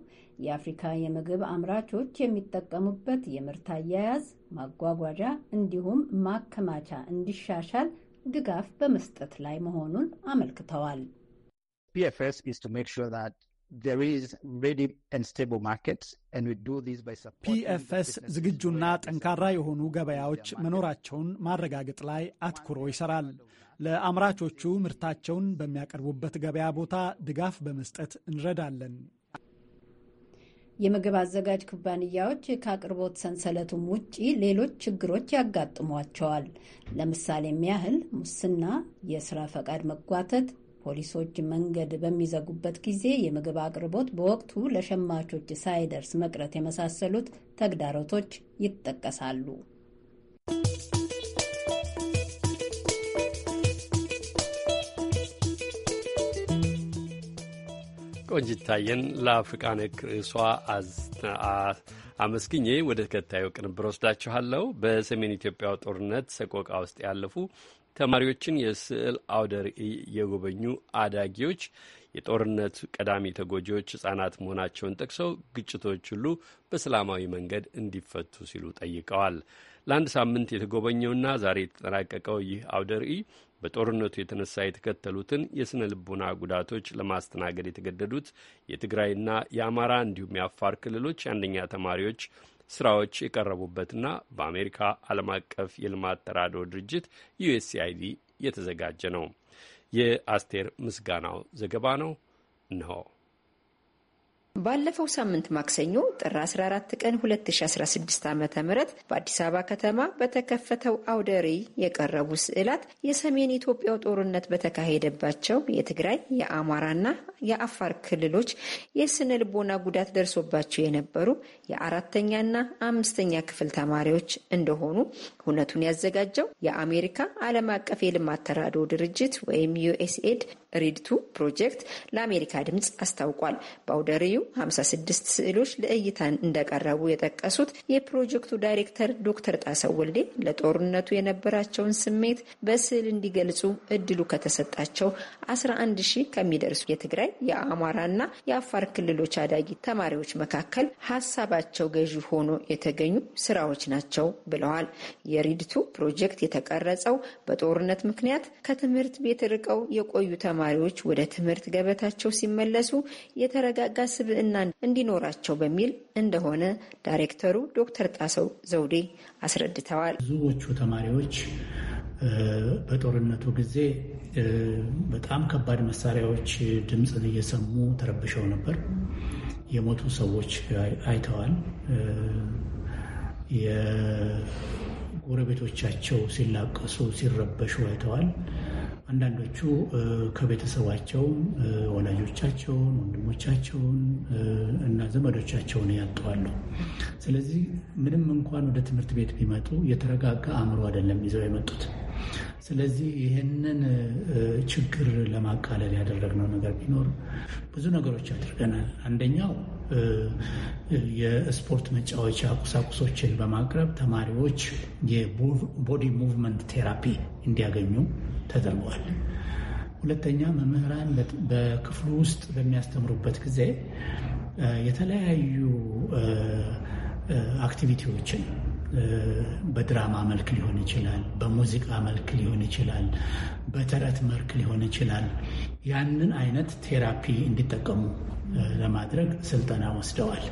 የአፍሪካ የምግብ አምራቾች የሚጠቀሙበት የምርት አያያዝ፣ ማጓጓዣ እንዲሁም ማከማቻ እንዲሻሻል ድጋፍ በመስጠት ላይ መሆኑን አመልክተዋል። ፒኤፍኤስ ዝግጁና ጠንካራ የሆኑ ገበያዎች መኖራቸውን ማረጋገጥ ላይ አትኩሮ ይሰራል። ለአምራቾቹ ምርታቸውን በሚያቀርቡበት ገበያ ቦታ ድጋፍ በመስጠት እንረዳለን። የምግብ አዘጋጅ ኩባንያዎች ከአቅርቦት ሰንሰለቱም ውጪ ሌሎች ችግሮች ያጋጥሟቸዋል። ለምሳሌም ያህል ሙስና፣ የስራ ፈቃድ መጓተት፣ ፖሊሶች መንገድ በሚዘጉበት ጊዜ የምግብ አቅርቦት በወቅቱ ለሸማቾች ሳይደርስ መቅረት የመሳሰሉት ተግዳሮቶች ይጠቀሳሉ። ቆንጅታየን ለአፍሪቃ ነክ ርዕሷ አመስግኜ ወደ ተከታዩ ቅንብር ወስዳችኋለሁ። በሰሜን ኢትዮጵያው ጦርነት ሰቆቃ ውስጥ ያለፉ ተማሪዎችን የስዕል አውደ ርዕይ የጎበኙ አዳጊዎች የጦርነት ቀዳሚ ተጎጂዎች ህጻናት መሆናቸውን ጠቅሰው ግጭቶች ሁሉ በሰላማዊ መንገድ እንዲፈቱ ሲሉ ጠይቀዋል። ለአንድ ሳምንት የተጎበኘውና ዛሬ የተጠናቀቀው ይህ አውደ ርዕይ በጦርነቱ የተነሳ የተከተሉትን የሥነ ልቦና ጉዳቶች ለማስተናገድ የተገደዱት የትግራይና የአማራ እንዲሁም የአፋር ክልሎች የአንደኛ ተማሪዎች ስራዎች የቀረቡበትና በአሜሪካ ዓለም አቀፍ የልማት ተራድኦ ድርጅት ዩኤስአይዲ የተዘጋጀ ነው። የአስቴር ምስጋናው ዘገባ ነው እንሆ ባለፈው ሳምንት ማክሰኞ ጥር 14 ቀን 2016 ዓ ም በአዲስ አበባ ከተማ በተከፈተው አውደ ርዕይ የቀረቡ ስዕላት የሰሜን ኢትዮጵያው ጦርነት በተካሄደባቸው የትግራይ፣ የአማራና የአፋር ክልሎች የስነ ልቦና ጉዳት ደርሶባቸው የነበሩ የአራተኛና አምስተኛ ክፍል ተማሪዎች እንደሆኑ ሁነቱን ያዘጋጀው የአሜሪካ ዓለም አቀፍ የልማት ተራድኦ ድርጅት ወይም ዩኤስኤድ ሪድቱ ፕሮጀክት ለአሜሪካ ድምፅ አስታውቋል። በአውደ 56 ስዕሎች ለእይታን እንደቀረቡ የጠቀሱት የፕሮጀክቱ ዳይሬክተር ዶክተር ጣሰው ወልዴ ለጦርነቱ የነበራቸውን ስሜት በስዕል እንዲገልጹ እድሉ ከተሰጣቸው 11 ሺህ ከሚደርሱ የትግራይ ላይ የአማራና የአፋር ክልሎች አዳጊ ተማሪዎች መካከል ሀሳባቸው ገዢ ሆኖ የተገኙ ስራዎች ናቸው ብለዋል። የሪድቱ ፕሮጀክት የተቀረጸው በጦርነት ምክንያት ከትምህርት ቤት ርቀው የቆዩ ተማሪዎች ወደ ትምህርት ገበታቸው ሲመለሱ የተረጋጋ ስብዕና እንዲኖራቸው በሚል እንደሆነ ዳይሬክተሩ ዶክተር ጣሰው ዘውዴ አስረድተዋል። ብዙዎቹ ተማሪዎች በጦርነቱ ጊዜ በጣም ከባድ መሳሪያዎች ድምፅን እየሰሙ ተረብሸው ነበር። የሞቱ ሰዎች አይተዋል። የጎረቤቶቻቸው ሲላቀሱ፣ ሲረበሹ አይተዋል። አንዳንዶቹ ከቤተሰባቸውም ወላጆቻቸውን፣ ወንድሞቻቸውን እና ዘመዶቻቸውን ያጠዋሉ። ስለዚህ ምንም እንኳን ወደ ትምህርት ቤት ቢመጡ የተረጋጋ አእምሮ አይደለም ይዘው የመጡት። ስለዚህ ይህንን ችግር ለማቃለል ያደረግነው ነገር ቢኖር ብዙ ነገሮች አድርገናል። አንደኛው የስፖርት መጫወቻ ቁሳቁሶችን በማቅረብ ተማሪዎች የቦዲ ሙቭመንት ቴራፒ እንዲያገኙ ተደርጓል። ሁለተኛ መምህራን በክፍሉ ውስጥ በሚያስተምሩበት ጊዜ የተለያዩ አክቲቪቲዎችን በድራማ መልክ ሊሆን ይችላል፣ በሙዚቃ መልክ ሊሆን ይችላል፣ በተረት መልክ ሊሆን ይችላል። ያንን አይነት ቴራፒ እንዲጠቀሙ ለማድረግ ስልጠና ወስደዋል።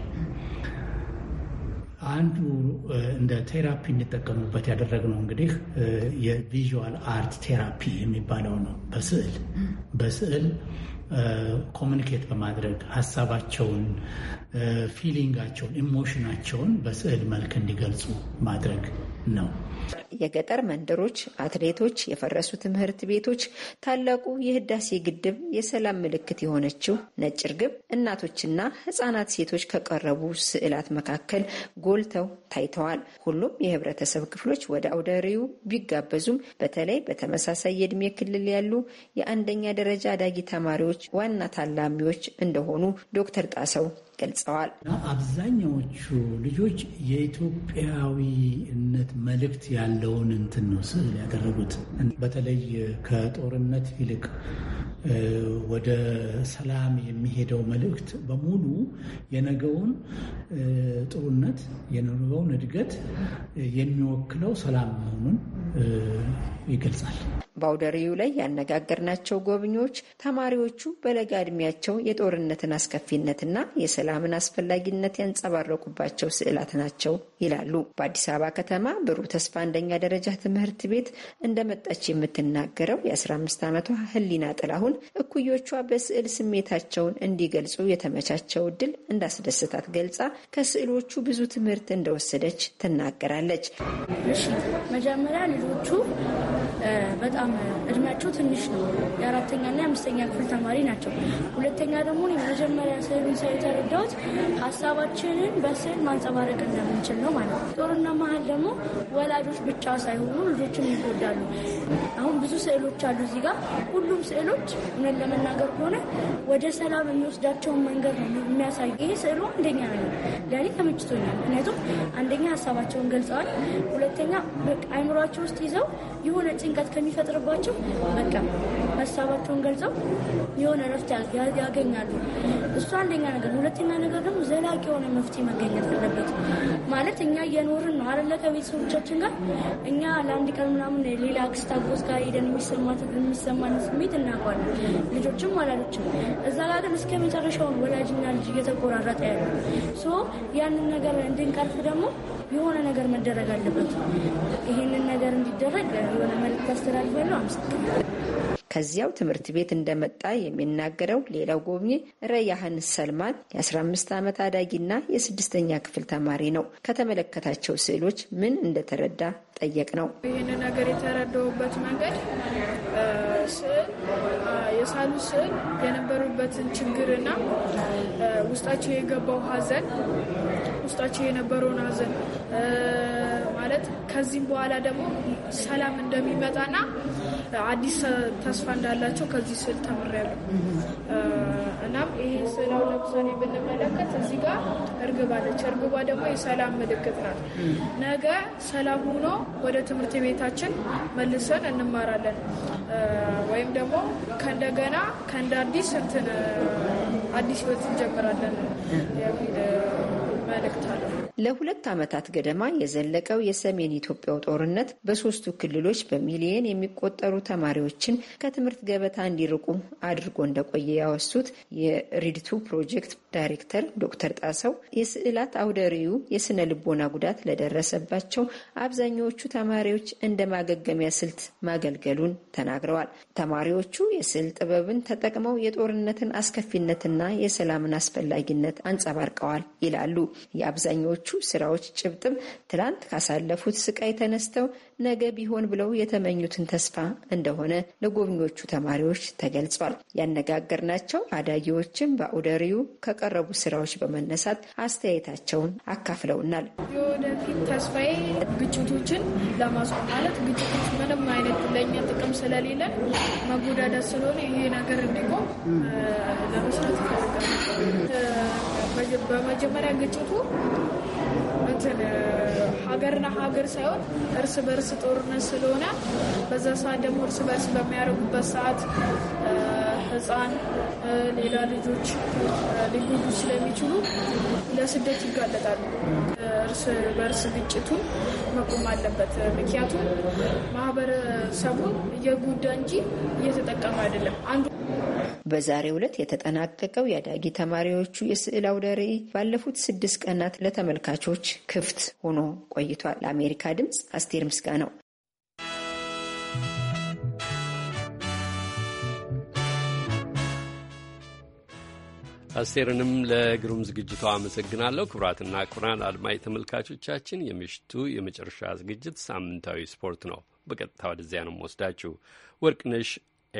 አንዱ እንደ ቴራፒ እንጠቀሙበት ያደረግነው እንግዲህ የቪዥዋል አርት ቴራፒ የሚባለው ነው። በስዕል በስዕል ኮሚኒኬት በማድረግ ሀሳባቸውን፣ ፊሊንጋቸውን፣ ኢሞሽናቸውን በስዕል መልክ እንዲገልጹ ማድረግ ነው። የገጠር መንደሮች፣ አትሌቶች፣ የፈረሱ ትምህርት ቤቶች፣ ታላቁ የህዳሴ ግድብ፣ የሰላም ምልክት የሆነችው ነጭ ርግብ፣ እናቶችና ህጻናት ሴቶች ከቀረቡ ስዕላት መካከል ጎልተው ታይተዋል። ሁሉም የህብረተሰብ ክፍሎች ወደ አውደሪው ቢጋበዙም በተለይ በተመሳሳይ የዕድሜ ክልል ያሉ የአንደኛ ደረጃ አዳጊ ተማሪዎች ዋና ታላሚዎች እንደሆኑ ዶክተር ጣሰው ገልጸዋል። አብዛኛዎቹ ልጆች የኢትዮጵያዊነት መልእክት ያለውን እንትን ነው ስዕል ያደረጉት። በተለይ ከጦርነት ይልቅ ወደ ሰላም የሚሄደው መልእክት በሙሉ የነገውን ጥሩነት፣ የነገውን እድገት የሚወክለው ሰላም መሆኑን ይገልጻል። ባውደሪው ላይ ያነጋገርናቸው ጎብኚዎች ተማሪዎቹ በለጋ ዕድሜያቸው የጦርነትን አስከፊነትና የሰላምን አስፈላጊነት ያንጸባረቁባቸው ስዕላት ናቸው ይላሉ። በአዲስ አበባ ከተማ ብሩህ ተስፋ አንደኛ ደረጃ ትምህርት ቤት እንደመጣች የምትናገረው የ15 ዓመቷ ህሊና ጥላሁን እኩዮቿ በስዕል ስሜታቸውን እንዲገልጹ የተመቻቸው እድል እንዳስደስታት ገልጻ ከስዕሎቹ ብዙ ትምህርት እንደወሰደች ትናገራለች። መጀመሪያ ልጆቹ በጣም እድሜያቸው ትንሽ ነው። የአራተኛና የአምስተኛ ክፍል ተማሪ ናቸው። ሁለተኛ ደግሞ የመጀመሪያ ስዕሉን ሳይ የተረዳሁት ሀሳባችንን በስዕል ማንጸባረቅ እንደምንችል ነው ማለት ነው። ጦርና መሀል ደግሞ ወላጆች ብቻ ሳይሆኑ ልጆችም ይጎዳሉ። አሁን ብዙ ስዕሎች አሉ እዚህ ጋር። ሁሉም ስዕሎች እውነት ለመናገር ከሆነ ወደ ሰላም የሚወስዳቸውን መንገድ ነው የሚያሳዩ። ይህ ስዕሉ አንደኛ ነው ለእኔ ተመችቶኛል። ምክንያቱም አንደኛ ሀሳባቸውን ገልጸዋል። ሁለተኛ አይምሯቸው ውስጥ ይዘው የሆነ ጭንቅ ጭንቀት ከሚፈጥርባቸው በቃ ሀሳባቸውን ገልጸው የሆነ ረፍት ያገኛሉ። እሱ አንደኛ ነገር። ሁለተኛ ነገር ደግሞ ዘላቂ የሆነ መፍትሄ መገኘት አለበት። ማለት እኛ እየኖርን ነው አይደለ? ከቤተሰቦቻችን ጋር እኛ ለአንድ ቀን ምናምን ሌላ አክስት አጎት ጋር ሄደን የሚሰማን ስሜት እናውቀዋለን። ልጆችም ወላጆችም እዛ ጋር ግን እስከ መጨረሻውን ወላጅና ልጅ እየተቆራረጠ ያለ ያንን ነገር እንድንቀርፍ ደግሞ የሆነ ነገር መደረግ አለበት። ይህንን ነገር እንዲደረግ የሆነ መልዕክት አስተላልፋለሁ። አመሰግናለሁ። ከዚያው ትምህርት ቤት እንደመጣ የሚናገረው ሌላው ጎብኚ ረያህን ሰልማን የ15 ዓመት አዳጊና የስድስተኛ ክፍል ተማሪ ነው። ከተመለከታቸው ስዕሎች ምን እንደተረዳ ጠየቅ ነው። ይህን ነገር የተረዳውበት መንገድ ስዕል የሳሉ ስዕል የነበሩበትን ችግርና ውስጣቸው የገባው ሀዘን ውስጣቸው የነበረውን ሀዘን ማለት ከዚህም በኋላ ደግሞ ሰላም እንደሚመጣና አዲስ ተስፋ እንዳላቸው ከዚህ ስል ተምሬያለሁ። እናም ይሄ ስዕል ለምሳሌ ብንመለከት እዚህ ጋር እርግባ ነች። እርግቧ ደግሞ የሰላም ምልክት ናት። ነገ ሰላም ሆኖ ወደ ትምህርት ቤታችን መልሰን እንማራለን ወይም ደግሞ ከእንደገና ከእንደ አዲስ እንትን አዲስ ህይወት እንጀምራለን የሚል መልእክት ለሁለት ዓመታት ገደማ የዘለቀው የሰሜን ኢትዮጵያው ጦርነት በሶስቱ ክልሎች በሚሊየን የሚቆጠሩ ተማሪዎችን ከትምህርት ገበታ እንዲርቁ አድርጎ እንደቆየ ያወሱት የሪድቱ ፕሮጀክት ዳይሬክተር ዶክተር ጣሰው የስዕላት አውደ ርዕዩ የስነ ልቦና ጉዳት ለደረሰባቸው አብዛኛዎቹ ተማሪዎች እንደ ማገገሚያ ስልት ማገልገሉን ተናግረዋል። ተማሪዎቹ የስዕል ጥበብን ተጠቅመው የጦርነትን አስከፊነትና የሰላምን አስፈላጊነት አንጸባርቀዋል ይላሉ። የአብዛኛዎቹ ሌሎቹ ስራዎች ጭብጥም ትላንት ካሳለፉት ስቃይ ተነስተው ነገ ቢሆን ብለው የተመኙትን ተስፋ እንደሆነ ለጎብኚዎቹ ተማሪዎች ተገልጿል። ያነጋገርናቸው አዳጊዎችም አዳጊዎችን ርዕዩ ከቀረቡ ስራዎች በመነሳት አስተያየታቸውን አካፍለውናል። የወደፊት ተስፋዬ ግጭቶችን ለማስቆም ማለት ግጭቶች ምንም አይነት ለእኛ ጥቅም ስለሌለ መጎዳዳት ስለሆነ ይሄ ነገር እንዲቆም ለመስራት ይፈልጋል። በመጀመሪያ ግጭቱ እንትን ሀገርና ሀገር ሳይሆን እርስ በርስ ጦርነት ስለሆነ በዛ ሰዓት ደግሞ እርስ በርስ በሚያደርጉበት ሰዓት ህፃን ሌላ ልጆች ሊጎዱ ስለሚችሉ ለስደት ይጋለጣሉ። እርስ በርስ ግጭቱን መቆም አለበት። ምክንያቱም ማህበረሰቡን እየጎዳ እንጂ እየተጠቀመ አይደለም። አንዱ በዛሬው ዕለት የተጠናቀቀው የአዳጊ ተማሪዎቹ የስዕል አውደ ርዕይ ባለፉት ስድስት ቀናት ለተመልካቾች ክፍት ሆኖ ቆይቷል። ለአሜሪካ ድምፅ አስቴር ምስጋ ነው። አስቴርንም ለግሩም ዝግጅቷ አመሰግናለሁ። ክቡራትና ክቡራን አድማጭ ተመልካቾቻችን የምሽቱ የመጨረሻ ዝግጅት ሳምንታዊ ስፖርት ነው። በቀጥታ ወደዚያ ነው ወስዳችሁ ወርቅነሽ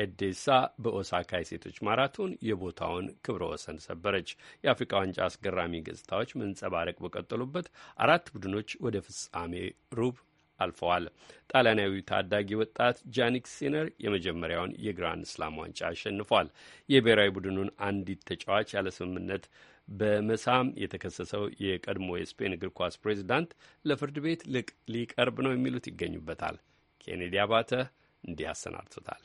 ኤዴሳ በኦሳካ የሴቶች ማራቶን የቦታውን ክብረ ወሰን ሰበረች። የአፍሪካ ዋንጫ አስገራሚ ገጽታዎች መንጸባረቅ በቀጠሉበት አራት ቡድኖች ወደ ፍጻሜ ሩብ አልፈዋል። ጣሊያናዊ ታዳጊ ወጣት ጃኒክ ሲነር የመጀመሪያውን የግራንድ ስላም ዋንጫ አሸንፏል። የብሔራዊ ቡድኑን አንዲት ተጫዋች ያለ ስምምነት በመሳም የተከሰሰው የቀድሞ የስፔን እግር ኳስ ፕሬዚዳንት ለፍርድ ቤት ሊቀርብ ነው የሚሉት ይገኙበታል። ኬኔዲ አባተ እንዲህ አሰናድቶታል።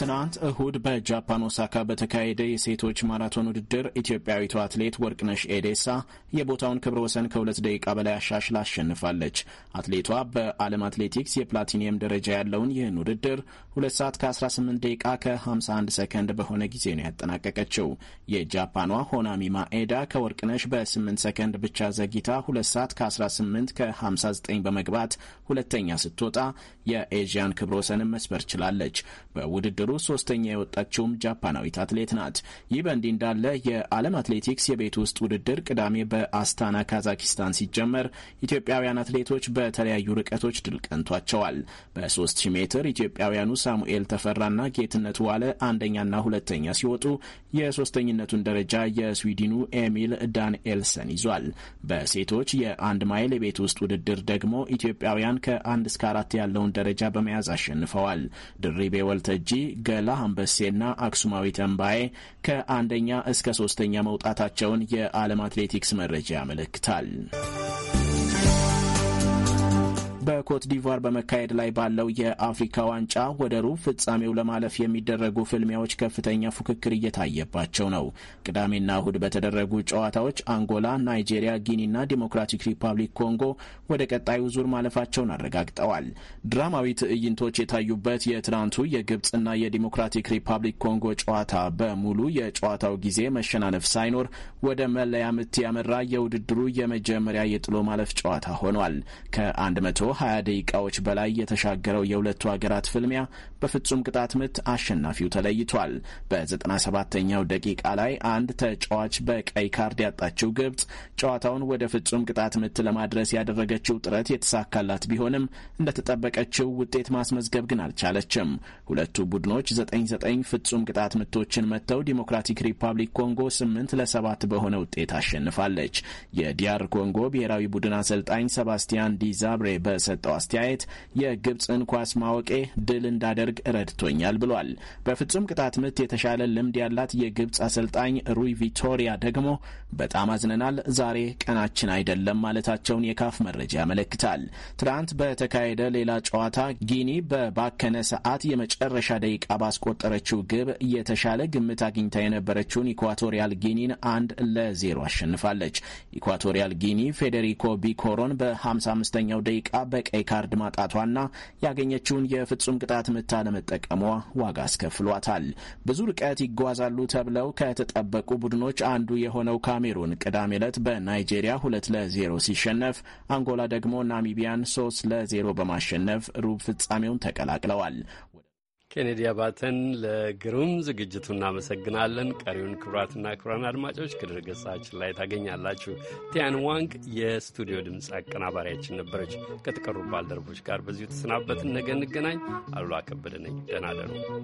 ትናንት እሁድ በጃፓን ኦሳካ በተካሄደ የሴቶች ማራቶን ውድድር ኢትዮጵያዊቱ አትሌት ወርቅነሽ ኤዴሳ የቦታውን ክብረ ወሰን ከሁለት ደቂቃ በላይ አሻሽላ አሸንፋለች። አትሌቷ በዓለም አትሌቲክስ የፕላቲኒየም ደረጃ ያለውን ይህን ውድድር ሁለት ሰዓት ከ18 ደቂቃ ከ51 ሰከንድ በሆነ ጊዜ ነው ያጠናቀቀችው። የጃፓኗ ሆናሚማ ኤዳ ከወርቅነሽ በ8 ሰከንድ ብቻ ዘግይታ ሁለት ሰዓት ከ18 ከ59 በመግባት ሁለተኛ ስትወጣ የኤዥያን ክብረ ወሰንን መስበር ችላለች። በውድድ ውድድሩ ሶስተኛ የወጣችውም ጃፓናዊት አትሌት ናት። ይህ በእንዲህ እንዳለ የዓለም አትሌቲክስ የቤት ውስጥ ውድድር ቅዳሜ በአስታና ካዛኪስታን ሲጀመር ኢትዮጵያውያን አትሌቶች በተለያዩ ርቀቶች ድል ቀንቷቸዋል። በ3000 ሜትር ኢትዮጵያውያኑ ሳሙኤል ተፈራና ጌትነት ዋለ አንደኛና ሁለተኛ ሲወጡ የሶስተኝነቱን ደረጃ የስዊድኑ ኤሚል ዳንኤልሰን ይዟል። በሴቶች የአንድ ማይል የቤት ውስጥ ውድድር ደግሞ ኢትዮጵያውያን ከአንድ እስከ አራት ያለውን ደረጃ በመያዝ አሸንፈዋል። ድሪቤ ወልተጂ፣ ገላ አንበሴና አክሱማዊት እንባዬ ከአንደኛ እስከ ሶስተኛ መውጣታቸውን የዓለም አትሌቲክስ መረጃ ያመለክታል። በኮት ዲቫር በመካሄድ ላይ ባለው የአፍሪካ ዋንጫ ወደ ሩብ ፍጻሜው ለማለፍ የሚደረጉ ፍልሚያዎች ከፍተኛ ፉክክር እየታየባቸው ነው። ቅዳሜና እሁድ በተደረጉ ጨዋታዎች አንጎላ፣ ናይጄሪያ፣ ጊኒና ዲሞክራቲክ ሪፐብሊክ ኮንጎ ወደ ቀጣዩ ዙር ማለፋቸውን አረጋግጠዋል። ድራማዊ ትዕይንቶች የታዩበት የትናንቱ የግብፅና የዲሞክራቲክ ሪፐብሊክ ኮንጎ ጨዋታ በሙሉ የጨዋታው ጊዜ መሸናነፍ ሳይኖር ወደ መለያ ምት ያመራ የውድድሩ የመጀመሪያ የጥሎ ማለፍ ጨዋታ ሆኗል ከ 20 ደቂቃዎች በላይ የተሻገረው የሁለቱ ሀገራት ፍልሚያ በፍጹም ቅጣት ምት አሸናፊው ተለይቷል። በ97ኛው ደቂቃ ላይ አንድ ተጫዋች በቀይ ካርድ ያጣችው ግብጽ ጨዋታውን ወደ ፍጹም ቅጣት ምት ለማድረስ ያደረገችው ጥረት የተሳካላት ቢሆንም እንደተጠበቀችው ውጤት ማስመዝገብ ግን አልቻለችም። ሁለቱ ቡድኖች 9-9 ፍጹም ቅጣት ምቶችን መጥተው ዲሞክራቲክ ሪፐብሊክ ኮንጎ 8 ለ7 በሆነ ውጤት አሸንፋለች። የዲያር ኮንጎ ብሔራዊ ቡድን አሰልጣኝ ሰባስቲያን ዲዛብሬ በ በሰጠው አስተያየት የግብፅን ኳስ ማወቄ ድል እንዳደርግ ረድቶኛል ብሏል። በፍጹም ቅጣት ምት የተሻለ ልምድ ያላት የግብፅ አሰልጣኝ ሩይ ቪቶሪያ ደግሞ በጣም አዝነናል፣ ዛሬ ቀናችን አይደለም ማለታቸውን የካፍ መረጃ ያመለክታል። ትናንት በተካሄደ ሌላ ጨዋታ ጊኒ በባከነ ሰዓት የመጨረሻ ደቂቃ ባስቆጠረችው ግብ የተሻለ ግምት አግኝታ የነበረችውን ኢኳቶሪያል ጊኒን አንድ ለዜሮ አሸንፋለች። ኢኳቶሪያል ጊኒ ፌዴሪኮ ቢኮሮን በ55ኛው ደቂቃ በቀይ ካርድ ማጣቷና ያገኘችውን የፍጹም ቅጣት ምት አለመጠቀሟ ዋጋ አስከፍሏታል። ብዙ ርቀት ይጓዛሉ ተብለው ከተጠበቁ ቡድኖች አንዱ የሆነው ካሜሩን ቅዳሜ ዕለት በናይጄሪያ ሁለት ለዜሮ ሲሸነፍ አንጎላ ደግሞ ናሚቢያን ሶስት ለዜሮ በማሸነፍ ሩብ ፍጻሜውን ተቀላቅለዋል። ኬኔዲ አባተን ለግሩም ዝግጅቱ እናመሰግናለን። ቀሪውን ክቡራትና ክቡራን አድማጮች ከድረ ገጻችን ላይ ታገኛላችሁ። ቲያን ዋንግ የስቱዲዮ ድምፅ አቀናባሪያችን ነበረች። ከተቀሩ ባልደረቦች ጋር በዚሁ ተሰናበትን። ነገ እንገናኝ። አሉላ ከበደ ነኝ። ደህና ደሩ።